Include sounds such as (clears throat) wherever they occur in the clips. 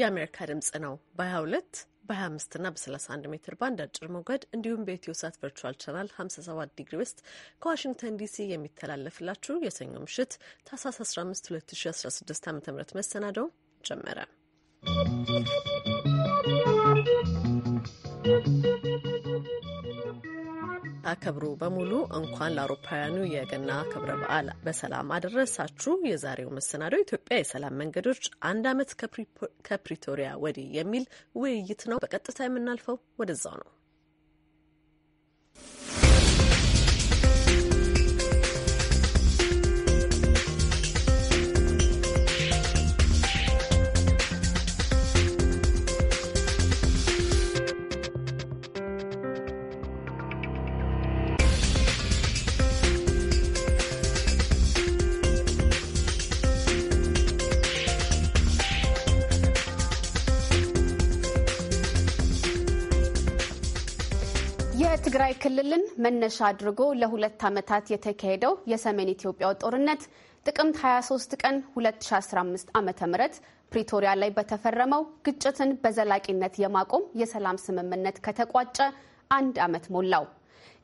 የአሜሪካ ድምጽ ነው በ22 በ25 ና በ31 ሜትር ባንድ አጭር ሞገድ እንዲሁም በኢትዮ ሳት ቨርቹዋል ቻናል 57 ዲግሪ ውስጥ ከዋሽንግተን ዲሲ የሚተላለፍላችሁ የሰኞ ምሽት ታህሳስ 15 2016 ዓ ም መሰናደው ጀመረ። ለምታከብሩ በሙሉ እንኳን ለአውሮፓውያኑ የገና ክብረ በዓል በሰላም አደረሳችሁ። የዛሬው መሰናዶ ኢትዮጵያ የሰላም መንገዶች አንድ ዓመት ከፕሪቶሪያ ወዲህ የሚል ውይይት ነው። በቀጥታ የምናልፈው ወደዛው ነው። ትግራይ ክልልን መነሻ አድርጎ ለሁለት ዓመታት የተካሄደው የሰሜን ኢትዮጵያው ጦርነት ጥቅምት 23 ቀን 2015 ዓ ም ፕሪቶሪያ ላይ በተፈረመው ግጭትን በዘላቂነት የማቆም የሰላም ስምምነት ከተቋጨ አንድ ዓመት ሞላው።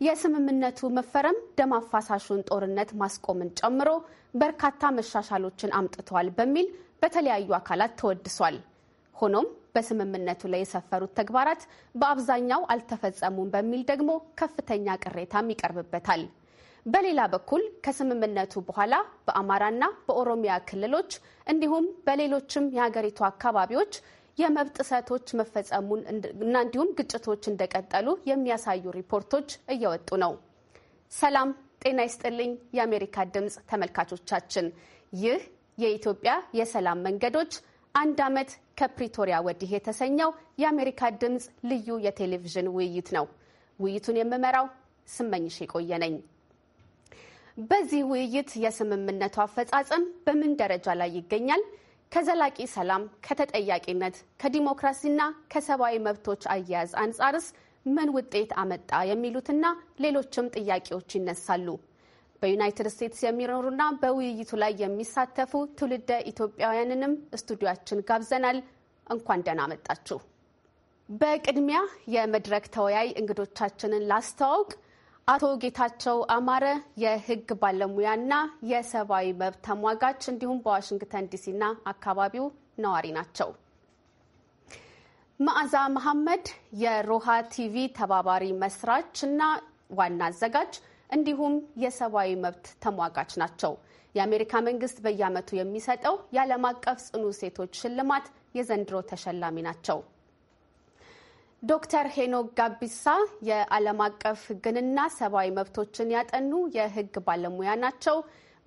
የስምምነቱ መፈረም ደም አፋሳሹን ጦርነት ማስቆምን ጨምሮ በርካታ መሻሻሎችን አምጥቷል በሚል በተለያዩ አካላት ተወድሷል። ሆኖም በስምምነቱ ላይ የሰፈሩት ተግባራት በአብዛኛው አልተፈጸሙም በሚል ደግሞ ከፍተኛ ቅሬታም ይቀርብበታል። በሌላ በኩል ከስምምነቱ በኋላ በአማራና በኦሮሚያ ክልሎች እንዲሁም በሌሎችም የሀገሪቱ አካባቢዎች የመብት ጥሰቶች መፈጸሙን እና እንዲሁም ግጭቶች እንደቀጠሉ የሚያሳዩ ሪፖርቶች እየወጡ ነው። ሰላም ጤና ይስጥልኝ። የአሜሪካ ድምፅ ተመልካቾቻችን ይህ የኢትዮጵያ የሰላም መንገዶች አንድ ዓመት ከፕሪቶሪያ ወዲህ የተሰኘው የአሜሪካ ድምፅ ልዩ የቴሌቪዥን ውይይት ነው። ውይይቱን የምመራው ስመኝሽ የቆየ ነኝ። በዚህ ውይይት የስምምነቱ አፈጻጸም በምን ደረጃ ላይ ይገኛል? ከዘላቂ ሰላም፣ ከተጠያቂነት፣ ከዲሞክራሲና ከሰብአዊ መብቶች አያያዝ አንጻርስ ምን ውጤት አመጣ? የሚሉትና ሌሎችም ጥያቄዎች ይነሳሉ። በዩናይትድ ስቴትስ የሚኖሩና በውይይቱ ላይ የሚሳተፉ ትውልደ ኢትዮጵያውያንንም ስቱዲዮችን ጋብዘናል። እንኳን ደህና መጣችሁ። በቅድሚያ የመድረክ ተወያይ እንግዶቻችንን ላስተዋውቅ። አቶ ጌታቸው አማረ የሕግ ባለሙያና የሰብአዊ መብት ተሟጋች እንዲሁም በዋሽንግተን ዲሲና አካባቢው ነዋሪ ናቸው። መዓዛ መሐመድ የሮሃ ቲቪ ተባባሪ መስራች እና ዋና አዘጋጅ እንዲሁም የሰብአዊ መብት ተሟጋች ናቸው። የአሜሪካ መንግስት በየአመቱ የሚሰጠው የዓለም አቀፍ ጽኑ ሴቶች ሽልማት የዘንድሮ ተሸላሚ ናቸው። ዶክተር ሄኖክ ጋቢሳ የዓለም አቀፍ ሕግንና ሰብአዊ መብቶችን ያጠኑ የሕግ ባለሙያ ናቸው።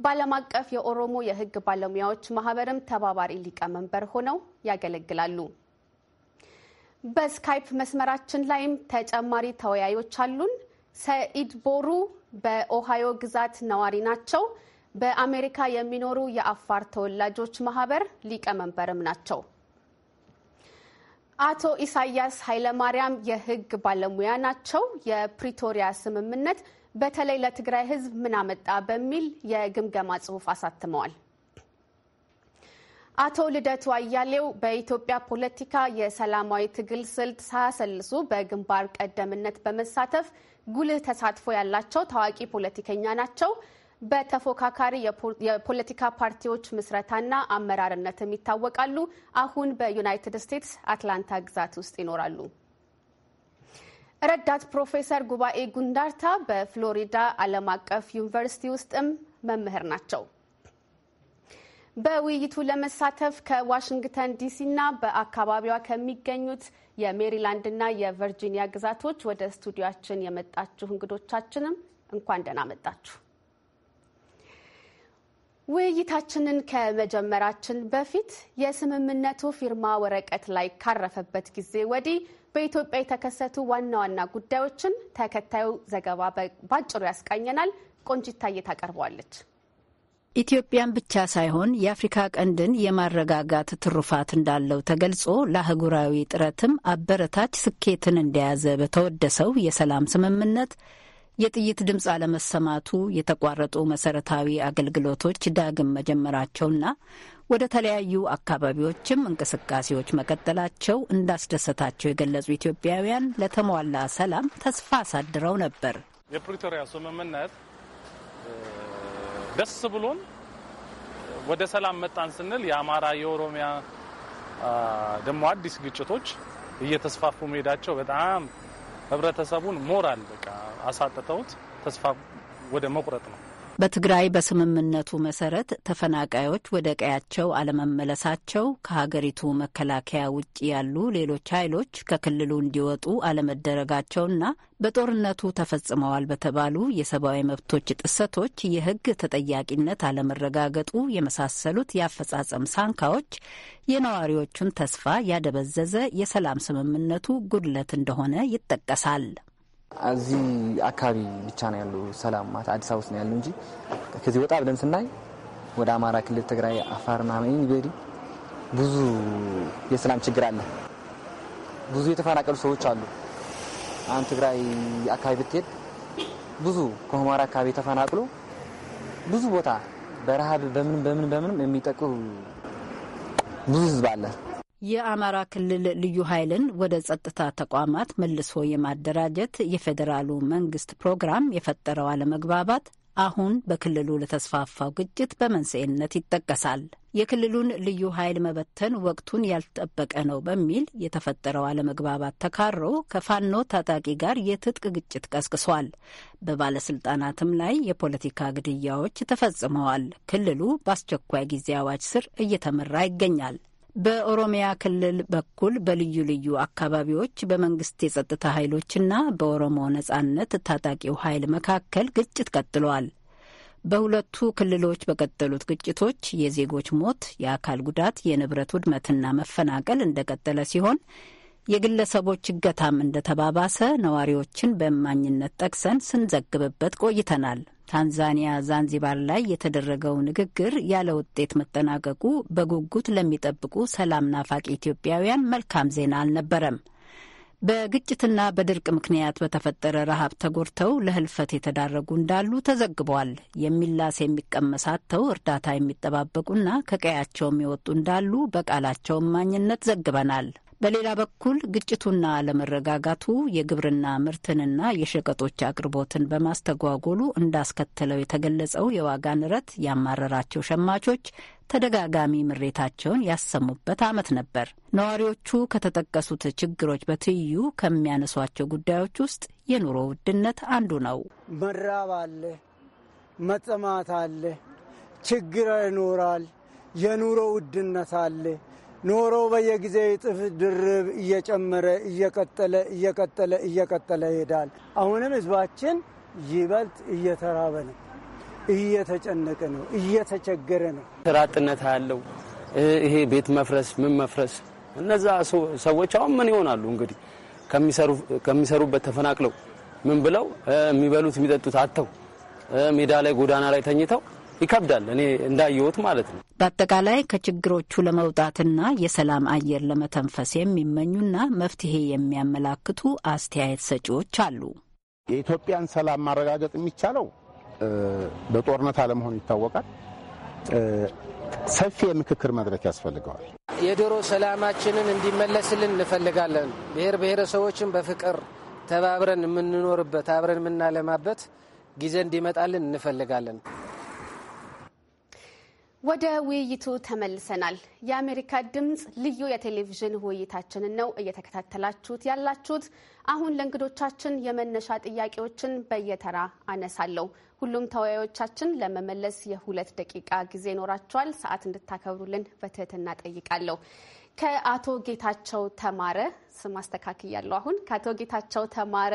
በዓለም አቀፍ የኦሮሞ የሕግ ባለሙያዎች ማህበርም ተባባሪ ሊቀመንበር ሆነው ያገለግላሉ። በስካይፕ መስመራችን ላይም ተጨማሪ ተወያዮች አሉን። ሰኢድ ቦሩ በኦሃዮ ግዛት ነዋሪ ናቸው። በአሜሪካ የሚኖሩ የአፋር ተወላጆች ማህበር ሊቀመንበርም ናቸው። አቶ ኢሳያስ ኃይለማርያም የህግ ባለሙያ ናቸው። የፕሪቶሪያ ስምምነት በተለይ ለትግራይ ህዝብ ምን አመጣ በሚል የግምገማ ጽሁፍ አሳትመዋል። አቶ ልደቱ አያሌው በኢትዮጵያ ፖለቲካ የሰላማዊ ትግል ስልት ሳያሰልሱ በግንባር ቀደምነት በመሳተፍ ጉልህ ተሳትፎ ያላቸው ታዋቂ ፖለቲከኛ ናቸው። በተፎካካሪ የፖለቲካ ፓርቲዎች ምስረታና አመራርነትም ይታወቃሉ። አሁን በዩናይትድ ስቴትስ አትላንታ ግዛት ውስጥ ይኖራሉ። ረዳት ፕሮፌሰር ጉባኤ ጉንዳርታ በፍሎሪዳ ዓለም አቀፍ ዩኒቨርሲቲ ውስጥም መምህር ናቸው። በውይይቱ ለመሳተፍ ከዋሽንግተን ዲሲና በአካባቢዋ ከሚገኙት የሜሪላንድና የቨርጂኒያ ግዛቶች ወደ ስቱዲያችን የመጣችሁ እንግዶቻችንም እንኳን ደህና መጣችሁ። ውይይታችንን ከመጀመራችን በፊት የስምምነቱ ፊርማ ወረቀት ላይ ካረፈበት ጊዜ ወዲህ በኢትዮጵያ የተከሰቱ ዋና ዋና ጉዳዮችን ተከታዩ ዘገባ ባጭሩ ያስቃኘናል። ቆንጂታዬ ታቀርበዋለች። ኢትዮጵያን ብቻ ሳይሆን የአፍሪካ ቀንድን የማረጋጋት ትሩፋት እንዳለው ተገልጾ ለአህጉራዊ ጥረትም አበረታች ስኬትን እንደያዘ በተወደሰው የሰላም ስምምነት የጥይት ድምፅ አለመሰማቱ፣ የተቋረጡ መሰረታዊ አገልግሎቶች ዳግም መጀመራቸውና ወደ ተለያዩ አካባቢዎችም እንቅስቃሴዎች መቀጠላቸው እንዳስደሰታቸው የገለጹ ኢትዮጵያውያን ለተሟላ ሰላም ተስፋ አሳድረው ነበር። የፕሪቶሪያ ስምምነት ደስ ብሎን ወደ ሰላም መጣን ስንል የአማራ የኦሮሚያ ደግሞ አዲስ ግጭቶች እየተስፋፉ መሄዳቸው በጣም ህብረተሰቡን ሞራል በቃ አሳጥተውት ተስፋ ወደ መቁረጥ ነው በትግራይ በስምምነቱ መሰረት ተፈናቃዮች ወደ ቀያቸው አለመመለሳቸው፣ ከሀገሪቱ መከላከያ ውጭ ያሉ ሌሎች ኃይሎች ከክልሉ እንዲወጡ አለመደረጋቸውና በጦርነቱ ተፈጽመዋል በተባሉ የሰብአዊ መብቶች ጥሰቶች የሕግ ተጠያቂነት አለመረጋገጡ የመሳሰሉት የአፈጻጸም ሳንካዎች የነዋሪዎቹን ተስፋ ያደበዘዘ የሰላም ስምምነቱ ጉድለት እንደሆነ ይጠቀሳል። እዚህ አካባቢ ብቻ ነው ያሉ ሰላም ማለት አዲስ አበባ ውስጥ ነው ያሉ እንጂ ከዚህ ወጣ ብለን ስናይ ወደ አማራ ክልል፣ ትግራይ፣ አፋር ምናምን ቤዲ ብዙ የሰላም ችግር አለ። ብዙ የተፈናቀሉ ሰዎች አሉ። አሁን ትግራይ አካባቢ ብትሄድ ብዙ ከሁመራ አካባቢ ተፈናቅሎ ብዙ ቦታ በረሃብ በምን በምን በምንም የሚጠቁ ብዙ ህዝብ አለ። የአማራ ክልል ልዩ ኃይልን ወደ ጸጥታ ተቋማት መልሶ የማደራጀት የፌዴራሉ መንግስት ፕሮግራም የፈጠረው አለመግባባት አሁን በክልሉ ለተስፋፋው ግጭት በመንስኤነት ይጠቀሳል። የክልሉን ልዩ ኃይል መበተን ወቅቱን ያልጠበቀ ነው በሚል የተፈጠረው አለመግባባት ተካሮ ከፋኖ ታጣቂ ጋር የትጥቅ ግጭት ቀስቅሷል። በባለስልጣናትም ላይ የፖለቲካ ግድያዎች ተፈጽመዋል። ክልሉ በአስቸኳይ ጊዜ አዋጅ ስር እየተመራ ይገኛል። በኦሮሚያ ክልል በኩል በልዩ ልዩ አካባቢዎች በመንግስት የጸጥታ ኃይሎችና በኦሮሞ ነጻነት ታጣቂው ኃይል መካከል ግጭት ቀጥሏል። በሁለቱ ክልሎች በቀጠሉት ግጭቶች የዜጎች ሞት፣ የአካል ጉዳት፣ የንብረት ውድመትና መፈናቀል እንደቀጠለ ሲሆን የግለሰቦች እገታም እንደተባባሰ ነዋሪዎችን በእማኝነት ጠቅሰን ስንዘግብበት ቆይተናል። ታንዛኒያ ዛንዚባር ላይ የተደረገው ንግግር ያለ ውጤት መጠናቀቁ በጉጉት ለሚጠብቁ ሰላም ናፋቅ ኢትዮጵያውያን መልካም ዜና አልነበረም። በግጭትና በድርቅ ምክንያት በተፈጠረ ረሃብ ተጎድተው ለህልፈት የተዳረጉ እንዳሉ ተዘግቧል። የሚላስ የሚቀመስ አጥተው እርዳታ የሚጠባበቁና ከቀያቸውም የወጡ እንዳሉ በቃላቸው እማኝነት ዘግበናል። በሌላ በኩል ግጭቱና አለመረጋጋቱ የግብርና ምርትንና የሸቀጦች አቅርቦትን በማስተጓጎሉ እንዳስከተለው የተገለጸው የዋጋ ንረት ያማረራቸው ሸማቾች ተደጋጋሚ ምሬታቸውን ያሰሙበት ዓመት ነበር። ነዋሪዎቹ ከተጠቀሱት ችግሮች በትይዩ ከሚያነሷቸው ጉዳዮች ውስጥ የኑሮ ውድነት አንዱ ነው። መራብ አለ፣ መጠማት አለ፣ ችግር ይኖራል፣ የኑሮ ውድነት አለ ኖሮ በየጊዜው እጥፍ ድርብ እየጨመረ እየቀጠለ እየቀጠለ እየቀጠለ ይሄዳል። አሁንም ህዝባችን ይበልጥ እየተራበ ነው፣ እየተጨነቀ ነው፣ እየተቸገረ ነው። ስራ አጥነት ያለው ይሄ ቤት መፍረስ ምን መፍረስ እነዛ ሰዎች አሁን ምን ይሆናሉ እንግዲህ ከሚሰሩበት ተፈናቅለው ምን ብለው የሚበሉት የሚጠጡት አጥተው ሜዳ ላይ ጎዳና ላይ ተኝተው ይከብዳል። እኔ እንዳየሁት ማለት ነው። በአጠቃላይ ከችግሮቹ ለመውጣትና የሰላም አየር ለመተንፈስ የሚመኙና መፍትሄ የሚያመላክቱ አስተያየት ሰጪዎች አሉ። የኢትዮጵያን ሰላም ማረጋገጥ የሚቻለው በጦርነት አለመሆኑ ይታወቃል። ሰፊ የምክክር መድረክ ያስፈልገዋል። የድሮ ሰላማችንን እንዲመለስልን እንፈልጋለን። ብሔር ብሔረሰቦችን በፍቅር ተባብረን የምንኖርበት አብረን የምናለማበት ጊዜ እንዲመጣልን እንፈልጋለን። ወደ ውይይቱ ተመልሰናል። የአሜሪካ ድምፅ ልዩ የቴሌቪዥን ውይይታችንን ነው እየተከታተላችሁት ያላችሁት። አሁን ለእንግዶቻችን የመነሻ ጥያቄዎችን በየተራ አነሳለሁ። ሁሉም ተወያዮቻችን ለመመለስ የሁለት ደቂቃ ጊዜ ይኖራቸዋል። ሰዓት እንድታከብሩልን በትህትና ጠይቃለሁ። ከአቶ ጌታቸው ተማረ ስም አስተካክያለሁ። አሁን ከአቶ ጌታቸው ተማረ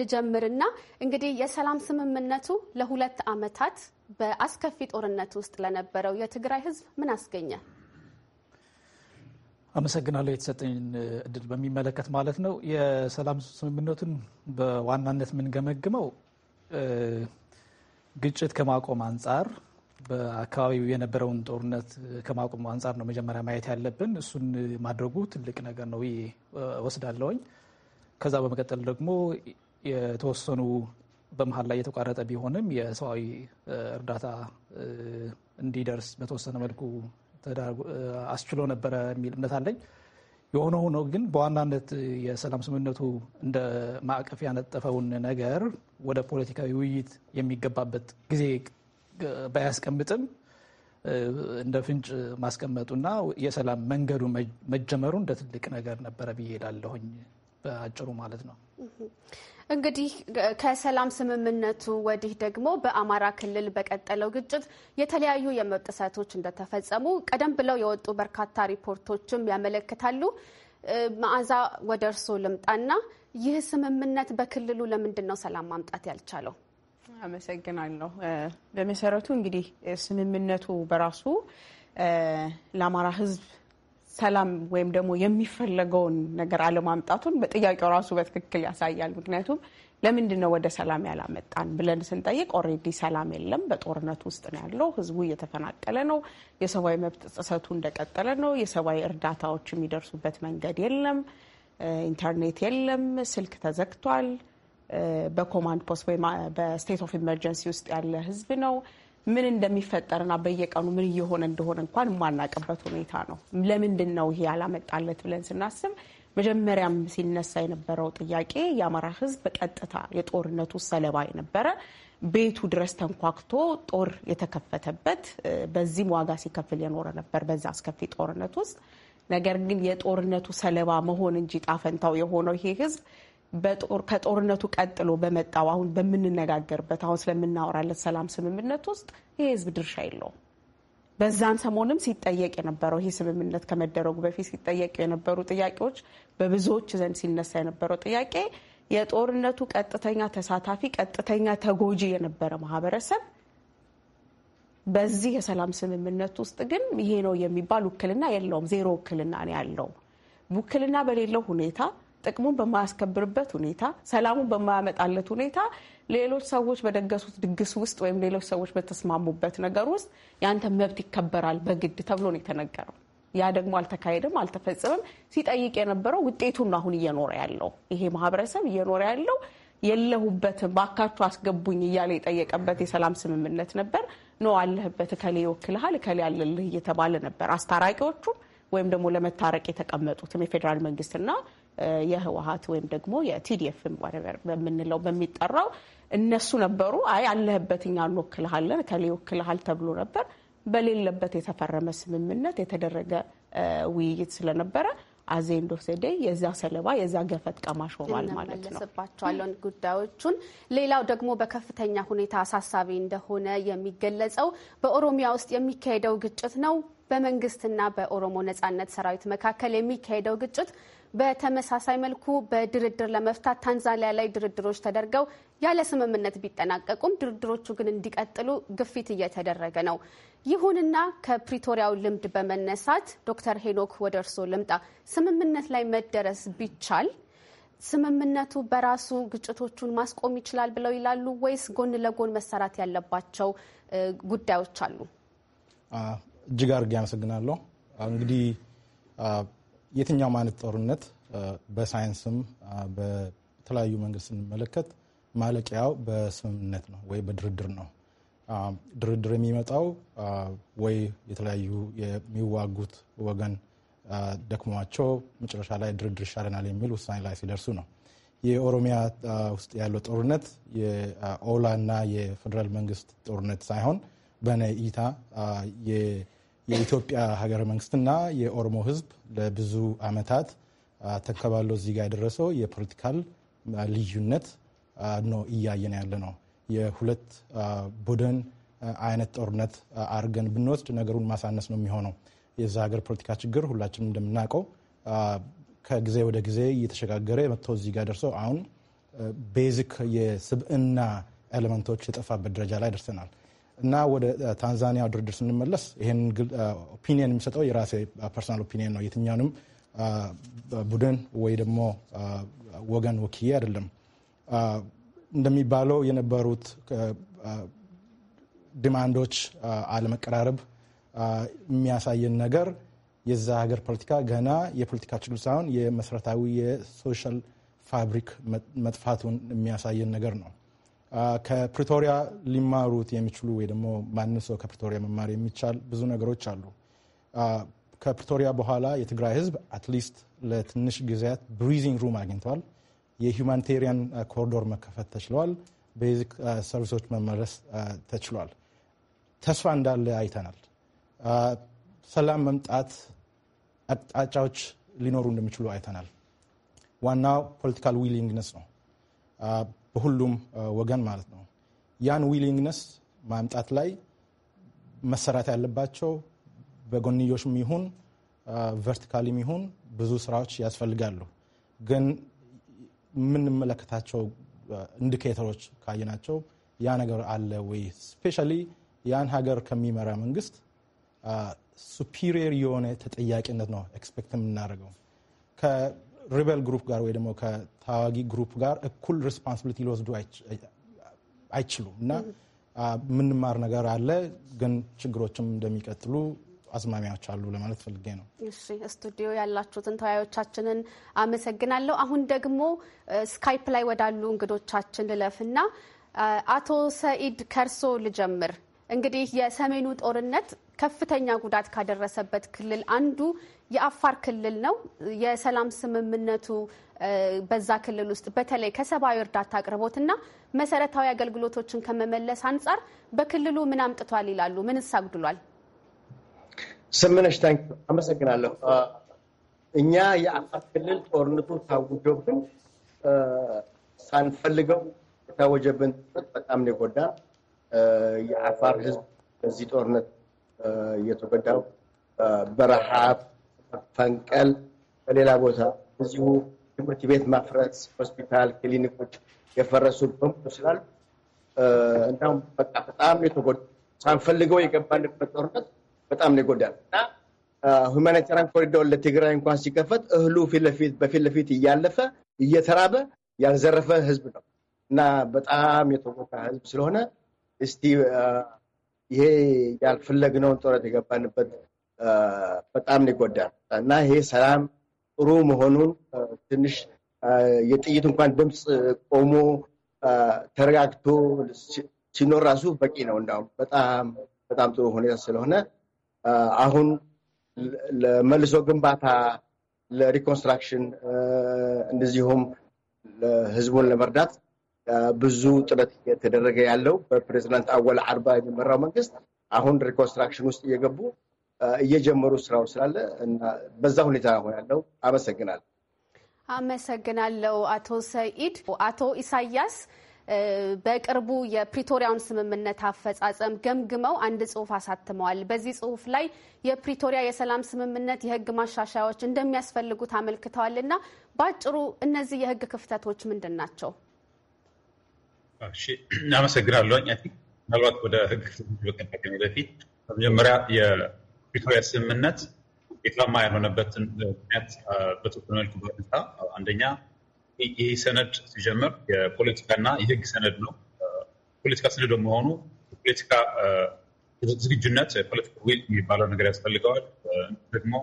ልጀምርና እንግዲህ የሰላም ስምምነቱ ለሁለት ዓመታት በአስከፊ ጦርነት ውስጥ ለነበረው የትግራይ ህዝብ ምን አስገኘ? አመሰግናለሁ የተሰጠኝ እድል በሚመለከት ማለት ነው። የሰላም ስምምነቱን በዋናነት የምንገመግመው ግጭት ከማቆም አንጻር በአካባቢው የነበረውን ጦርነት ከማቆም አንጻር ነው መጀመሪያ ማየት ያለብን። እሱን ማድረጉ ትልቅ ነገር ነው ወስዳለውኝ። ከዛ በመቀጠል ደግሞ የተወሰኑ በመሀል ላይ የተቋረጠ ቢሆንም የሰብአዊ እርዳታ እንዲደርስ በተወሰነ መልኩ አስችሎ ነበረ የሚል እምነት አለኝ። የሆነ ሆኖ ግን በዋናነት የሰላም ስምምነቱ እንደ ማዕቀፍ ያነጠፈውን ነገር ወደ ፖለቲካዊ ውይይት የሚገባበት ጊዜ ባያስቀምጥም እንደ ፍንጭ ማስቀመጡና የሰላም መንገዱ መጀመሩ እንደ ትልቅ ነገር ነበረ ብዬ እላለሁኝ በአጭሩ ማለት ነው። እንግዲህ ከሰላም ስምምነቱ ወዲህ ደግሞ በአማራ ክልል በቀጠለው ግጭት የተለያዩ የመብት ጥሰቶች እንደተፈጸሙ ቀደም ብለው የወጡ በርካታ ሪፖርቶችም ያመለክታሉ። መዓዛ ወደ እርስዎ ልምጣና ይህ ስምምነት በክልሉ ለምንድን ነው ሰላም ማምጣት ያልቻለው? አመሰግናለሁ። በመሰረቱ እንግዲህ ስምምነቱ በራሱ ለአማራ ሕዝብ ሰላም ወይም ደግሞ የሚፈለገውን ነገር አለማምጣቱን በጥያቄው ራሱ በትክክል ያሳያል። ምክንያቱም ለምንድን ነው ወደ ሰላም ያላመጣን ብለን ስንጠይቅ ኦሬዲ ሰላም የለም፣ በጦርነት ውስጥ ነው ያለው፣ ህዝቡ እየተፈናቀለ ነው፣ የሰብአዊ መብት ጥሰቱ እንደቀጠለ ነው፣ የሰብአዊ እርዳታዎች የሚደርሱበት መንገድ የለም፣ ኢንተርኔት የለም፣ ስልክ ተዘግቷል፣ በኮማንድ ፖስት ወይም በስቴት ኦፍ ኢመርጀንሲ ውስጥ ያለ ህዝብ ነው። ምን እንደሚፈጠርና በየቀኑ ምን እየሆነ እንደሆነ እንኳን የማናቅበት ሁኔታ ነው። ለምንድን ነው ይሄ ያላመጣለት ብለን ስናስብ መጀመሪያም ሲነሳ የነበረው ጥያቄ የአማራ ሕዝብ በቀጥታ የጦርነቱ ሰለባ የነበረ ቤቱ ድረስ ተንኳክቶ ጦር የተከፈተበት በዚህም ዋጋ ሲከፍል የኖረ ነበር በዛ አስከፊ ጦርነት ውስጥ። ነገር ግን የጦርነቱ ሰለባ መሆን እንጂ ጣፈንታው የሆነው ይሄ ሕዝብ ከጦርነቱ ቀጥሎ በመጣው አሁን በምንነጋገርበት አሁን ስለምናወራለት ሰላም ስምምነት ውስጥ ይህ ህዝብ ድርሻ የለውም። በዛን ሰሞንም ሲጠየቅ የነበረው ይህ ስምምነት ከመደረጉ በፊት ሲጠየቅ የነበሩ ጥያቄዎች፣ በብዙዎች ዘንድ ሲነሳ የነበረው ጥያቄ የጦርነቱ ቀጥተኛ ተሳታፊ ቀጥተኛ ተጎጂ የነበረ ማህበረሰብ በዚህ የሰላም ስምምነት ውስጥ ግን ይሄ ነው የሚባል ውክልና የለውም። ዜሮ ውክልና ነው ያለው። ውክልና በሌለው ሁኔታ ጥቅሙን በማያስከብርበት ሁኔታ፣ ሰላሙን በማያመጣለት ሁኔታ ሌሎች ሰዎች በደገሱት ድግስ ውስጥ ወይም ሌሎች ሰዎች በተስማሙበት ነገር ውስጥ የአንተ መብት ይከበራል በግድ ተብሎ ነው የተነገረው። ያ ደግሞ አልተካሄደም፣ አልተፈጸመም። ሲጠይቅ የነበረው ውጤቱን አሁን እየኖረ ያለው ይሄ ማህበረሰብ እየኖረ ያለው የለሁበትም በአካቹ አስገቡኝ እያለ የጠየቀበት የሰላም ስምምነት ነበር። ኖ አለህበት፣ እከሌ ይወክልሃል፣ እከሌ አለልህ እየተባለ ነበር። አስታራቂዎቹም ወይም ደግሞ ለመታረቅ የተቀመጡትም የፌዴራል መንግስትና የህወሀት ወይም ደግሞ የቲዲኤፍ በምንለው በሚጠራው እነሱ ነበሩ። አይ አለህበት እኛ እንወክልሃለን ከሌ ወክልሃል ተብሎ ነበር። በሌለበት የተፈረመ ስምምነት የተደረገ ውይይት ስለነበረ አዜንዶ ሴዴ የዛ ሰለባ የዛ ገፈት ቀማሽ ሆኗል ማለት ነው። እንመለስባቸዋለን ጉዳዮቹን። ሌላው ደግሞ በከፍተኛ ሁኔታ አሳሳቢ እንደሆነ የሚገለጸው በኦሮሚያ ውስጥ የሚካሄደው ግጭት ነው። በመንግስትና በኦሮሞ ነጻነት ሰራዊት መካከል የሚካሄደው ግጭት በተመሳሳይ መልኩ በድርድር ለመፍታት ታንዛኒያ ላይ ድርድሮች ተደርገው ያለ ስምምነት ቢጠናቀቁም ድርድሮቹ ግን እንዲቀጥሉ ግፊት እየተደረገ ነው። ይሁንና ከፕሪቶሪያው ልምድ በመነሳት ዶክተር ሄኖክ ወደ እርስዎ ልምጣ። ስምምነት ላይ መደረስ ቢቻል ስምምነቱ በራሱ ግጭቶቹን ማስቆም ይችላል ብለው ይላሉ ወይስ ጎን ለጎን መሰራት ያለባቸው ጉዳዮች አሉ? እጅግ አድርጌ አመሰግናለሁ። እንግዲህ የትኛውም አይነት ጦርነት በሳይንስም በተለያዩ መንገድ ስንመለከት ማለቂያው በስምምነት ነው ወይ በድርድር ነው። ድርድር የሚመጣው ወይ የተለያዩ የሚዋጉት ወገን ደክሟቸው መጨረሻ ላይ ድርድር ይሻለናል የሚል ውሳኔ ላይ ሲደርሱ ነው። የኦሮሚያ ውስጥ ያለው ጦርነት የኦላ እና የፌዴራል መንግስት ጦርነት ሳይሆን በነ ኢታ የኢትዮጵያ ሀገረ መንግስትና የኦሮሞ ህዝብ ለብዙ አመታት ተከባሎ እዚህ ጋር የደረሰው የፖለቲካል ልዩነት ነው እያየን ያለ ነው። የሁለት ቡድን አይነት ጦርነት አድርገን ብንወስድ ነገሩን ማሳነስ ነው የሚሆነው። የዛ ሀገር ፖለቲካ ችግር ሁላችንም እንደምናውቀው ከጊዜ ወደ ጊዜ እየተሸጋገረ መጥቶ እዚህ ጋር ደርሰው አሁን ቤዚክ የስብዕና ኤሌመንቶች የጠፋበት ደረጃ ላይ ደርሰናል። እና ወደ ታንዛኒያ ድርድር ስንመለስ ይህን ኦፒኒየን የሚሰጠው የራሴ ፐርሶናል ኦፒኒየን ነው። የትኛውንም ቡድን ወይ ደግሞ ወገን ወኪዬ አይደለም። እንደሚባለው የነበሩት ዲማንዶች አለመቀራረብ የሚያሳየን ነገር የዛ ሀገር ፖለቲካ ገና የፖለቲካ ችግር ሳይሆን የመሰረታዊ የሶሻል ፋብሪክ መጥፋቱን የሚያሳየን ነገር ነው። ከፕሪቶሪያ ሊማሩት የሚችሉ ወይ ደግሞ ማንም ሰው ከፕሪቶሪያ መማር የሚቻል ብዙ ነገሮች አሉ። ከፕሪቶሪያ በኋላ የትግራይ ህዝብ አትሊስት ለትንሽ ጊዜያት ብሪዚንግ ሩም አግኝተዋል። የሁማኒቴሪያን ኮሪዶር መከፈት ተችሏል። ቤዚክ ሰርቪሶች መመለስ ተችሏል። ተስፋ እንዳለ አይተናል። ሰላም መምጣት አቅጣጫዎች ሊኖሩ እንደሚችሉ አይተናል። ዋናው ፖለቲካል ዊሊንግነስ ነው። በሁሉም ወገን ማለት ነው። ያን ዊሊንግነስ ማምጣት ላይ መሰራት ያለባቸው በጎንዮሽም ይሁን ቨርቲካሊም ይሁን ብዙ ስራዎች ያስፈልጋሉ። ግን የምንመለከታቸው ኢንዲኬተሮች ካየናቸው ያ ነገር አለ ወይ ስፔሻሊ ያን ሀገር ከሚመራ መንግስት ሱፒሪየር የሆነ ተጠያቂነት ነው ኤክስፔክት የምናደርገው። ከሪበል ግሩፕ ጋር ወይ ደግሞ ከታዋጊ ግሩፕ ጋር እኩል ሪስፖንሲቢሊቲ ሊወስዱ አይችሉም እና የምንማር ነገር አለ፣ ግን ችግሮችም እንደሚቀጥሉ አዝማሚያዎች አሉ ለማለት ፈልጌ ነው። እሺ ስቱዲዮ ያላችሁትን ተወያዮቻችንን አመሰግናለሁ። አሁን ደግሞ ስካይፕ ላይ ወዳሉ እንግዶቻችን ልለፍና አቶ ሰኢድ ከርሶ ልጀምር። እንግዲህ የሰሜኑ ጦርነት ከፍተኛ ጉዳት ካደረሰበት ክልል አንዱ የአፋር ክልል ነው። የሰላም ስምምነቱ በዛ ክልል ውስጥ በተለይ ከሰብአዊ እርዳታ አቅርቦትና መሰረታዊ አገልግሎቶችን ከመመለስ አንጻር በክልሉ ምን አምጥቷል ይላሉ? ምንስ አጉድሏል? ስምነሽ ታንክ አመሰግናለሁ። እኛ የአፋር ክልል ጦርነቱ ታውጆብን ሳንፈልገው የታወጀብን በጣም ነው የጎዳ የአፋር ሕዝብ በዚህ ጦርነት እየተጎዳው በረሃብ ፈንቀል፣ በሌላ ቦታ እዚሁ ትምህርት ቤት ማፍረስ፣ ሆስፒታል፣ ክሊኒኮች የፈረሱ በሙሉ ስላል እንዳውም በቃ በጣም የተጎዳ ሳንፈልገው የገባንበት ጦርነት በጣም ይጎዳል እና ሁማኒታሪያን ለትግራይ እንኳን ሲከፈት እህሉ በፊት ለፊት እያለፈ እየተራበ ያልዘረፈ ህዝብ ነው እና በጣም የተጎዳ ህዝብ ስለሆነ እስቲ ይሄ ያልፈለግነውን ጦርነት የገባንበት በጣም ይጎዳል እና ይሄ ሰላም ጥሩ መሆኑን ትንሽ የጥይት እንኳን ድምፅ ቆሞ ተረጋግቶ ሲኖር ራሱ በቂ ነው። እንዳውም በጣም በጣም ጥሩ ሁኔታ ስለሆነ አሁን ለመልሶ ግንባታ፣ ለሪኮንስትራክሽን እንደዚሁም ህዝቡን ለመርዳት ብዙ ጥረት እየተደረገ ያለው በፕሬዚዳንት አወል አርባ የሚመራው መንግስት አሁን ሪኮንስትራክሽን ውስጥ እየገቡ እየጀመሩ ስራው ስላለ እና በዛ ሁኔታ ያለው። አመሰግናል አመሰግናለው አቶ ሰኢድ። አቶ ኢሳያስ በቅርቡ የፕሪቶሪያውን ስምምነት አፈጻጸም ገምግመው አንድ ጽሁፍ አሳትመዋል። በዚህ ጽሁፍ ላይ የፕሪቶሪያ የሰላም ስምምነት የህግ ማሻሻያዎች እንደሚያስፈልጉት አመልክተዋል እና በአጭሩ እነዚህ የህግ ክፍተቶች ምንድን ናቸው? አመሰግናለሁ። ምናልባት ወደ ህግ ክፍተቶች በቀጣቀኝ በፊት መጀመሪያ ፕሪቶሪያ ስምምነት ውጤታማ ያልሆነበትን ምክንያት በትክክል መልኩ በመጣ አንደኛ ይህ ሰነድ ሲጀምር የፖለቲካና የህግ ሰነድ ነው። ፖለቲካ ሰነድ በመሆኑ ፖለቲካ ዝግጁነት ፖለቲካ ዊል የሚባለው ነገር ያስፈልገዋል። ደግሞ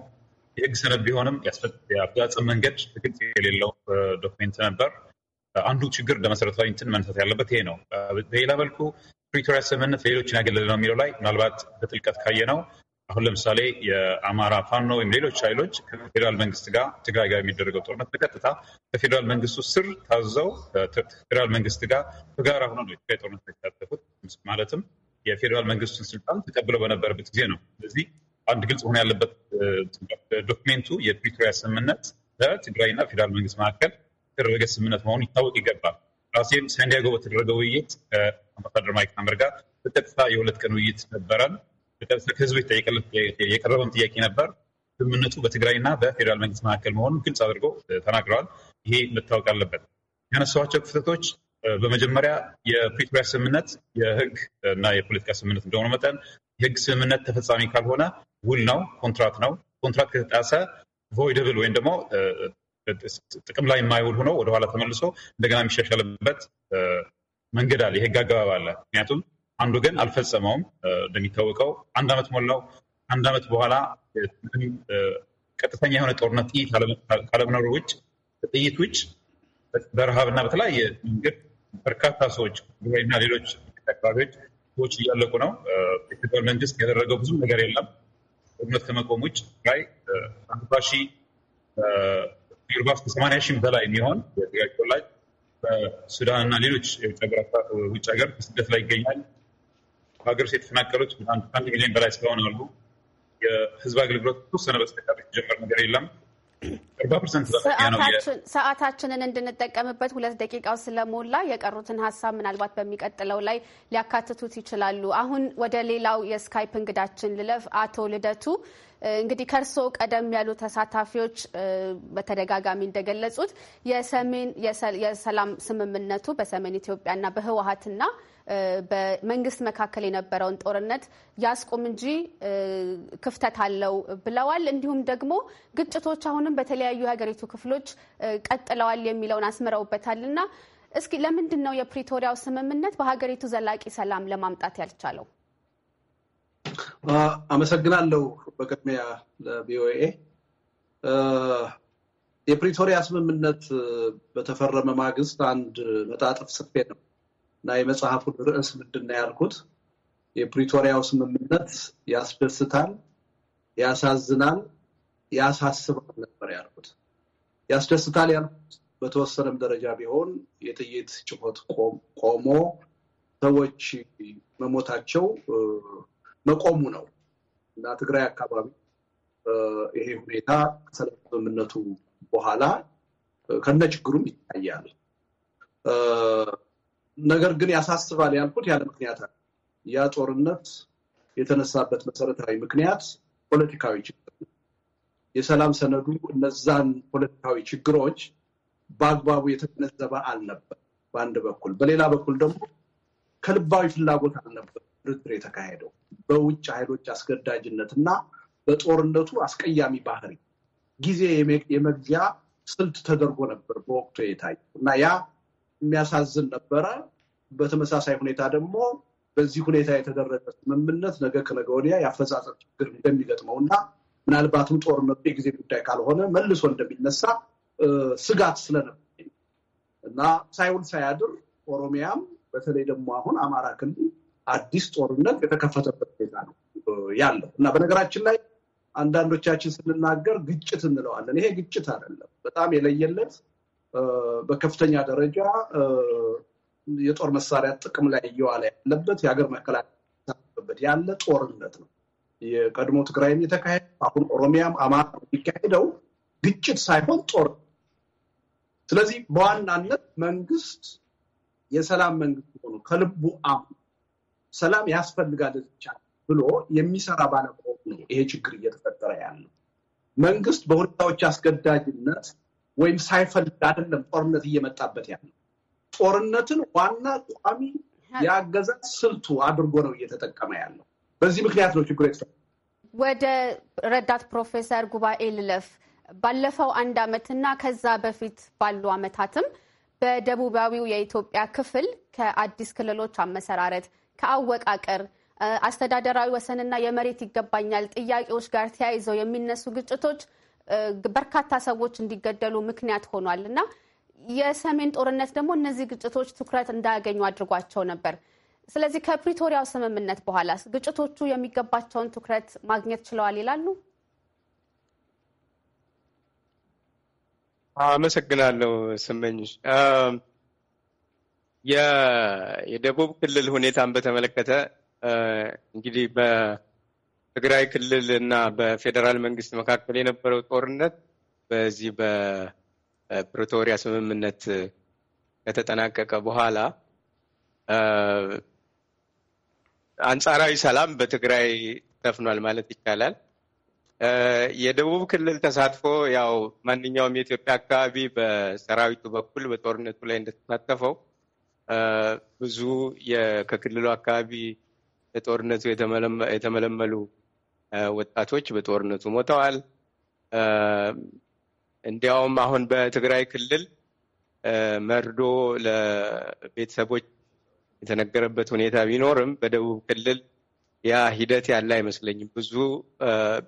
የህግ ሰነድ ቢሆንም የአፈጻጸም መንገድ ግልጽ የሌለው ዶክሜንት ነበር። አንዱ ችግር ለመሰረታዊ እንትን መነሳት ያለበት ይሄ ነው። በሌላ መልኩ ፕሪቶሪያ ስምምነት ሌሎችን ያገለለ ነው የሚለው ላይ ምናልባት በጥልቀት ካየ ነው አሁን ለምሳሌ የአማራ ፋኖ ወይም ሌሎች ኃይሎች ከፌዴራል መንግስት ጋር ትግራይ ጋር የሚደረገው ጦርነት በቀጥታ ከፌዴራል መንግስቱ ስር ታዘው ከፌዴራል መንግስት ጋር በጋራ ሆነ ነው የትግራይ ጦርነት የተሳተፉት። ማለትም የፌዴራል መንግስቱን ስልጣን ተቀብለው በነበረበት ጊዜ ነው። ስለዚህ አንድ ግልጽ ሆነ ያለበት ዶክሜንቱ የፕሪቶሪያ ስምምነት በትግራይና ፌዴራል መንግስት መካከል የተደረገ ስምምነት መሆኑ ይታወቅ ይገባል። ራሴም ሳንዲያጎ በተደረገ ውይይት ከአምባሳደር ማይክ ታምር ጋር በቀጥታ የሁለት ቀን ውይይት ነበረን። ከህዝቡ የቀረበም ጥያቄ ነበር። ስምምነቱ በትግራይና በፌዴራል መንግስት መካከል መሆኑን ግልጽ አድርጎ ተናግረዋል። ይሄ መታወቅ አለበት። ያነሳቸው ክፍተቶች በመጀመሪያ የፕሪቶሪያ ስምምነት የህግ እና የፖለቲካ ስምምነት እንደሆነ መጠን የህግ ስምምነት ተፈጻሚ ካልሆነ ውል ነው፣ ኮንትራት ነው። ኮንትራት ከተጣሰ ቮይደብል ወይም ደግሞ ጥቅም ላይ የማይውል ሆኖ ወደኋላ ተመልሶ እንደገና የሚሻሻልበት መንገድ አለ፣ የህግ አገባብ አለ። ምክንያቱም አንዱ ግን አልፈጸመውም። እንደሚታወቀው አንድ ዓመት ሞላው። አንድ ዓመት በኋላ ቀጥተኛ የሆነ ጦርነት ጥይት ካለመኖሩ ውጭ ጥይት ውጭ በረሃብና በተለያየ መንገድ በርካታ ሰዎች ጉባኤና ሌሎች አካባቢዎች ሰዎች እያለቁ ነው። የፌደራል መንግስት ያደረገው ብዙም ነገር የለም። ጦርነት ከመቆም ውጭ ላይ አርባ ሺህ ግርባስ ከሰማንያ ሺህ በላይ የሚሆን የትግራይ ተወላጅ በሱዳን እና ሌሎች የውጭ ሀገር ውጭ ሀገር በስደት ላይ ይገኛል። ሀገር ውስጥ የተፈናቀሉት አንድ ሚሊዮን በላይ ስለሆነ አሉ። የህዝብ አገልግሎት ተወሰነ በስተቀር የተጀመረ ነገር የለም። ሰዓታችንን እንድንጠቀምበት ሁለት ደቂቃው ስለሞላ የቀሩትን ሀሳብ ምናልባት በሚቀጥለው ላይ ሊያካትቱት ይችላሉ። አሁን ወደ ሌላው የስካይፕ እንግዳችን ልለፍ። አቶ ልደቱ እንግዲህ ከእርስዎ ቀደም ያሉ ተሳታፊዎች በተደጋጋሚ እንደገለጹት የሰሜን የሰላም ስምምነቱ በሰሜን ኢትዮጵያና በህወሀትና በመንግስት መካከል የነበረውን ጦርነት ያስቁም እንጂ ክፍተት አለው ብለዋል። እንዲሁም ደግሞ ግጭቶች አሁንም በተለያዩ የሀገሪቱ ክፍሎች ቀጥለዋል የሚለውን አስምረውበታል እና እስኪ ለምንድን ነው የፕሪቶሪያው ስምምነት በሀገሪቱ ዘላቂ ሰላም ለማምጣት ያልቻለው? አመሰግናለሁ። በቅድሚያ ለቪኦኤ የፕሪቶሪያ ስምምነት በተፈረመ ማግስት አንድ መጣጥፍ ጽፌ ነው እና የመጽሐፉን ርዕስ ምንድን ነው ያልኩት የፕሪቶሪያው ስምምነት ያስደስታል፣ ያሳዝናል፣ ያሳስባል ነበር ያልኩት። ያስደስታል ያልኩት በተወሰነም ደረጃ ቢሆን የጥይት ጭሆት ቆሞ ሰዎች መሞታቸው መቆሙ ነው እና ትግራይ አካባቢ ይሄ ሁኔታ ከሰላም ስምምነቱ በኋላ ከነ ችግሩም ይታያል። ነገር ግን ያሳስባል ያልኩት ያለ ምክንያት ያ ጦርነት የተነሳበት መሰረታዊ ምክንያት ፖለቲካዊ ችግር ነው። የሰላም ሰነዱ እነዛን ፖለቲካዊ ችግሮች በአግባቡ የተገነዘበ አልነበር በአንድ በኩል፣ በሌላ በኩል ደግሞ ከልባዊ ፍላጎት አልነበር ድርድር የተካሄደው በውጭ ኃይሎች አስገዳጅነት እና በጦርነቱ አስቀያሚ ባህሪ ጊዜ የመግቢያ ስልት ተደርጎ ነበር በወቅቱ የታየው እና ያ የሚያሳዝን ነበረ። በተመሳሳይ ሁኔታ ደግሞ በዚህ ሁኔታ የተደረገ ስምምነት ነገ ከነገ ወዲያ የአፈጻጸም ችግር እንደሚገጥመው እና ምናልባትም ጦርነቱ የጊዜ ጉዳይ ካልሆነ መልሶ እንደሚነሳ ስጋት ስለነበር እና ሳይውል ሳያድር ኦሮሚያም በተለይ ደግሞ አሁን አማራ ክልል አዲስ ጦርነት የተከፈተበት ሁኔታ ነው ያለው እና በነገራችን ላይ አንዳንዶቻችን ስንናገር ግጭት እንለዋለን። ይሄ ግጭት አይደለም። በጣም የለየለት በከፍተኛ ደረጃ የጦር መሳሪያ ጥቅም ላይ እየዋለ ያለበት የሀገር መከላከያ ያለ ጦርነት ነው። የቀድሞ ትግራይም የተካሄደ አሁን ኦሮሚያም አማራ የሚካሄደው ግጭት ሳይሆን ጦር። ስለዚህ በዋናነት መንግስት የሰላም መንግስት ሆኑ ከልቡ አም ሰላም ያስፈልጋል ይቻል ብሎ የሚሰራ ባለመሆኑ ነው ይሄ ችግር እየተፈጠረ ያለው። መንግስት በሁኔታዎች አስገዳጅነት ወይም ሳይፈልግ አይደለም ጦርነት እየመጣበት ያለው። ጦርነትን ዋና ቋሚ የአገዛዝ ስልቱ አድርጎ ነው እየተጠቀመ ያለው። በዚህ ምክንያት ነው ችግር የተፈ ወደ ረዳት ፕሮፌሰር ጉባኤ ልለፍ። ባለፈው አንድ ዓመትና ከዛ በፊት ባሉ ዓመታትም በደቡባዊው የኢትዮጵያ ክፍል ከአዲስ ክልሎች አመሰራረት፣ ከአወቃቀር፣ አስተዳደራዊ ወሰንና የመሬት ይገባኛል ጥያቄዎች ጋር ተያይዘው የሚነሱ ግጭቶች በርካታ ሰዎች እንዲገደሉ ምክንያት ሆኗል እና የሰሜን ጦርነት ደግሞ እነዚህ ግጭቶች ትኩረት እንዳያገኙ አድርጓቸው ነበር። ስለዚህ ከፕሪቶሪያው ስምምነት በኋላ ግጭቶቹ የሚገባቸውን ትኩረት ማግኘት ችለዋል ይላሉ። አመሰግናለሁ ስመኝሽ። የደቡብ ክልል ሁኔታን በተመለከተ እንግዲህ ትግራይ ክልል እና በፌዴራል መንግስት መካከል የነበረው ጦርነት በዚህ በፕሪቶሪያ ስምምነት ከተጠናቀቀ በኋላ አንጻራዊ ሰላም በትግራይ ተፍኗል ማለት ይቻላል። የደቡብ ክልል ተሳትፎ ያው ማንኛውም የኢትዮጵያ አካባቢ በሰራዊቱ በኩል በጦርነቱ ላይ እንደተሳተፈው ብዙ ከክልሉ አካባቢ ለጦርነቱ የተመለመሉ ወጣቶች በጦርነቱ ሞተዋል። እንዲያውም አሁን በትግራይ ክልል መርዶ ለቤተሰቦች የተነገረበት ሁኔታ ቢኖርም በደቡብ ክልል ያ ሂደት ያለ አይመስለኝም። ብዙ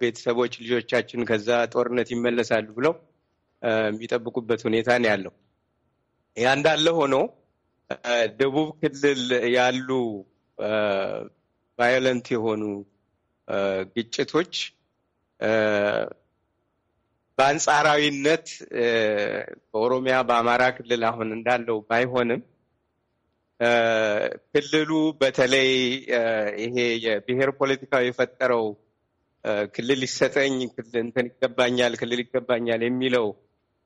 ቤተሰቦች ልጆቻችን ከዛ ጦርነት ይመለሳሉ ብለው የሚጠብቁበት ሁኔታ ነው ያለው። ያ እንዳለ ሆኖ ደቡብ ክልል ያሉ ቫዮለንት የሆኑ ግጭቶች በአንጻራዊነት በኦሮሚያ በአማራ ክልል አሁን እንዳለው ባይሆንም ክልሉ በተለይ ይሄ የብሔር ፖለቲካው የፈጠረው ክልል ይሰጠኝ እንትን ይገባኛል ክልል ይገባኛል የሚለው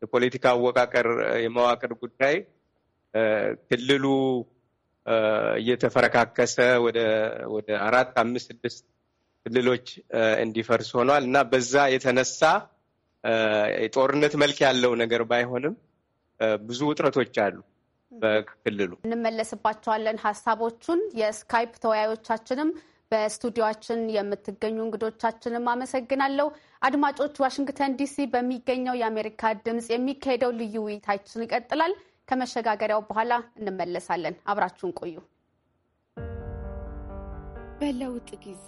የፖለቲካ አወቃቀር የመዋቅር ጉዳይ ክልሉ እየተፈረካከሰ ወደ አራት አምስት ስድስት ክልሎች እንዲፈርስ ሆኗል እና በዛ የተነሳ የጦርነት መልክ ያለው ነገር ባይሆንም ብዙ ውጥረቶች አሉ በክልሉ። እንመለስባቸዋለን ሀሳቦቹን። የስካይፕ ተወያዮቻችንም በስቱዲዮችን የምትገኙ እንግዶቻችንም አመሰግናለሁ። አድማጮች፣ ዋሽንግተን ዲሲ በሚገኘው የአሜሪካ ድምፅ የሚካሄደው ልዩ ውይይታችን ይቀጥላል። ከመሸጋገሪያው በኋላ እንመለሳለን። አብራችሁን ቆዩ። በለውጥ ጊዜ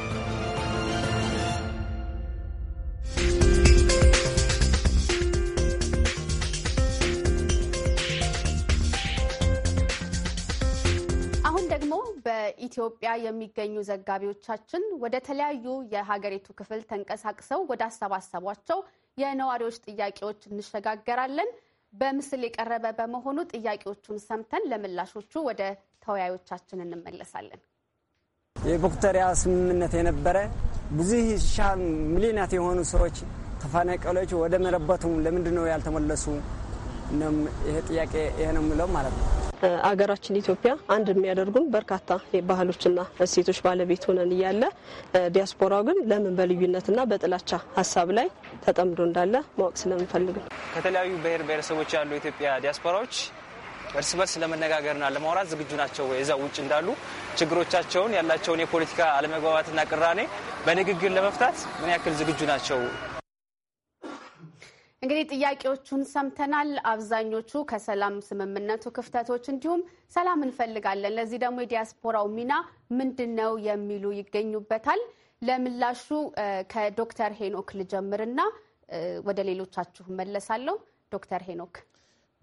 ኢትዮጵያ የሚገኙ ዘጋቢዎቻችን ወደ ተለያዩ የሀገሪቱ ክፍል ተንቀሳቅሰው ወደ አሰባሰቧቸው የነዋሪዎች ጥያቄዎች እንሸጋገራለን። በምስል የቀረበ በመሆኑ ጥያቄዎቹን ሰምተን ለምላሾቹ ወደ ተወያዮቻችን እንመለሳለን። የቦክተሪያ ስምምነት የነበረ ብዙ ሻ ሚሊናት የሆኑ ሰዎች ተፈናቃዮች ወደ መረበቱም ለምንድነው ያልተመለሱ? ይሄ ጥያቄ ይሄ ነው የምለው ማለት ነው። አገራችን ኢትዮጵያ አንድ የሚያደርጉን በርካታ ባህሎችና እሴቶች ባለቤት ሆነን እያለ ዲያስፖራው ግን ለምን በልዩነትና በጥላቻ ሀሳብ ላይ ተጠምዶ እንዳለ ማወቅ ስለምንፈልግ ነው። ከተለያዩ ብሔር ብሔረሰቦች ያሉ የኢትዮጵያ ዲያስፖራዎች እርስ በርስ ለመነጋገርና ለማውራት ዝግጁ ናቸው ወይ? እዛ ውጭ እንዳሉ ችግሮቻቸውን ያላቸውን የፖለቲካ አለመግባባትና ቅራኔ በንግግር ለመፍታት ምን ያክል ዝግጁ ናቸው? እንግዲህ ጥያቄዎቹን ሰምተናል። አብዛኞቹ ከሰላም ስምምነቱ ክፍተቶች፣ እንዲሁም ሰላም እንፈልጋለን፣ ለዚህ ደግሞ የዲያስፖራው ሚና ምንድን ነው የሚሉ ይገኙበታል። ለምላሹ ከዶክተር ሄኖክ ልጀምርና ወደ ሌሎቻችሁ መለሳለሁ። ዶክተር ሄኖክ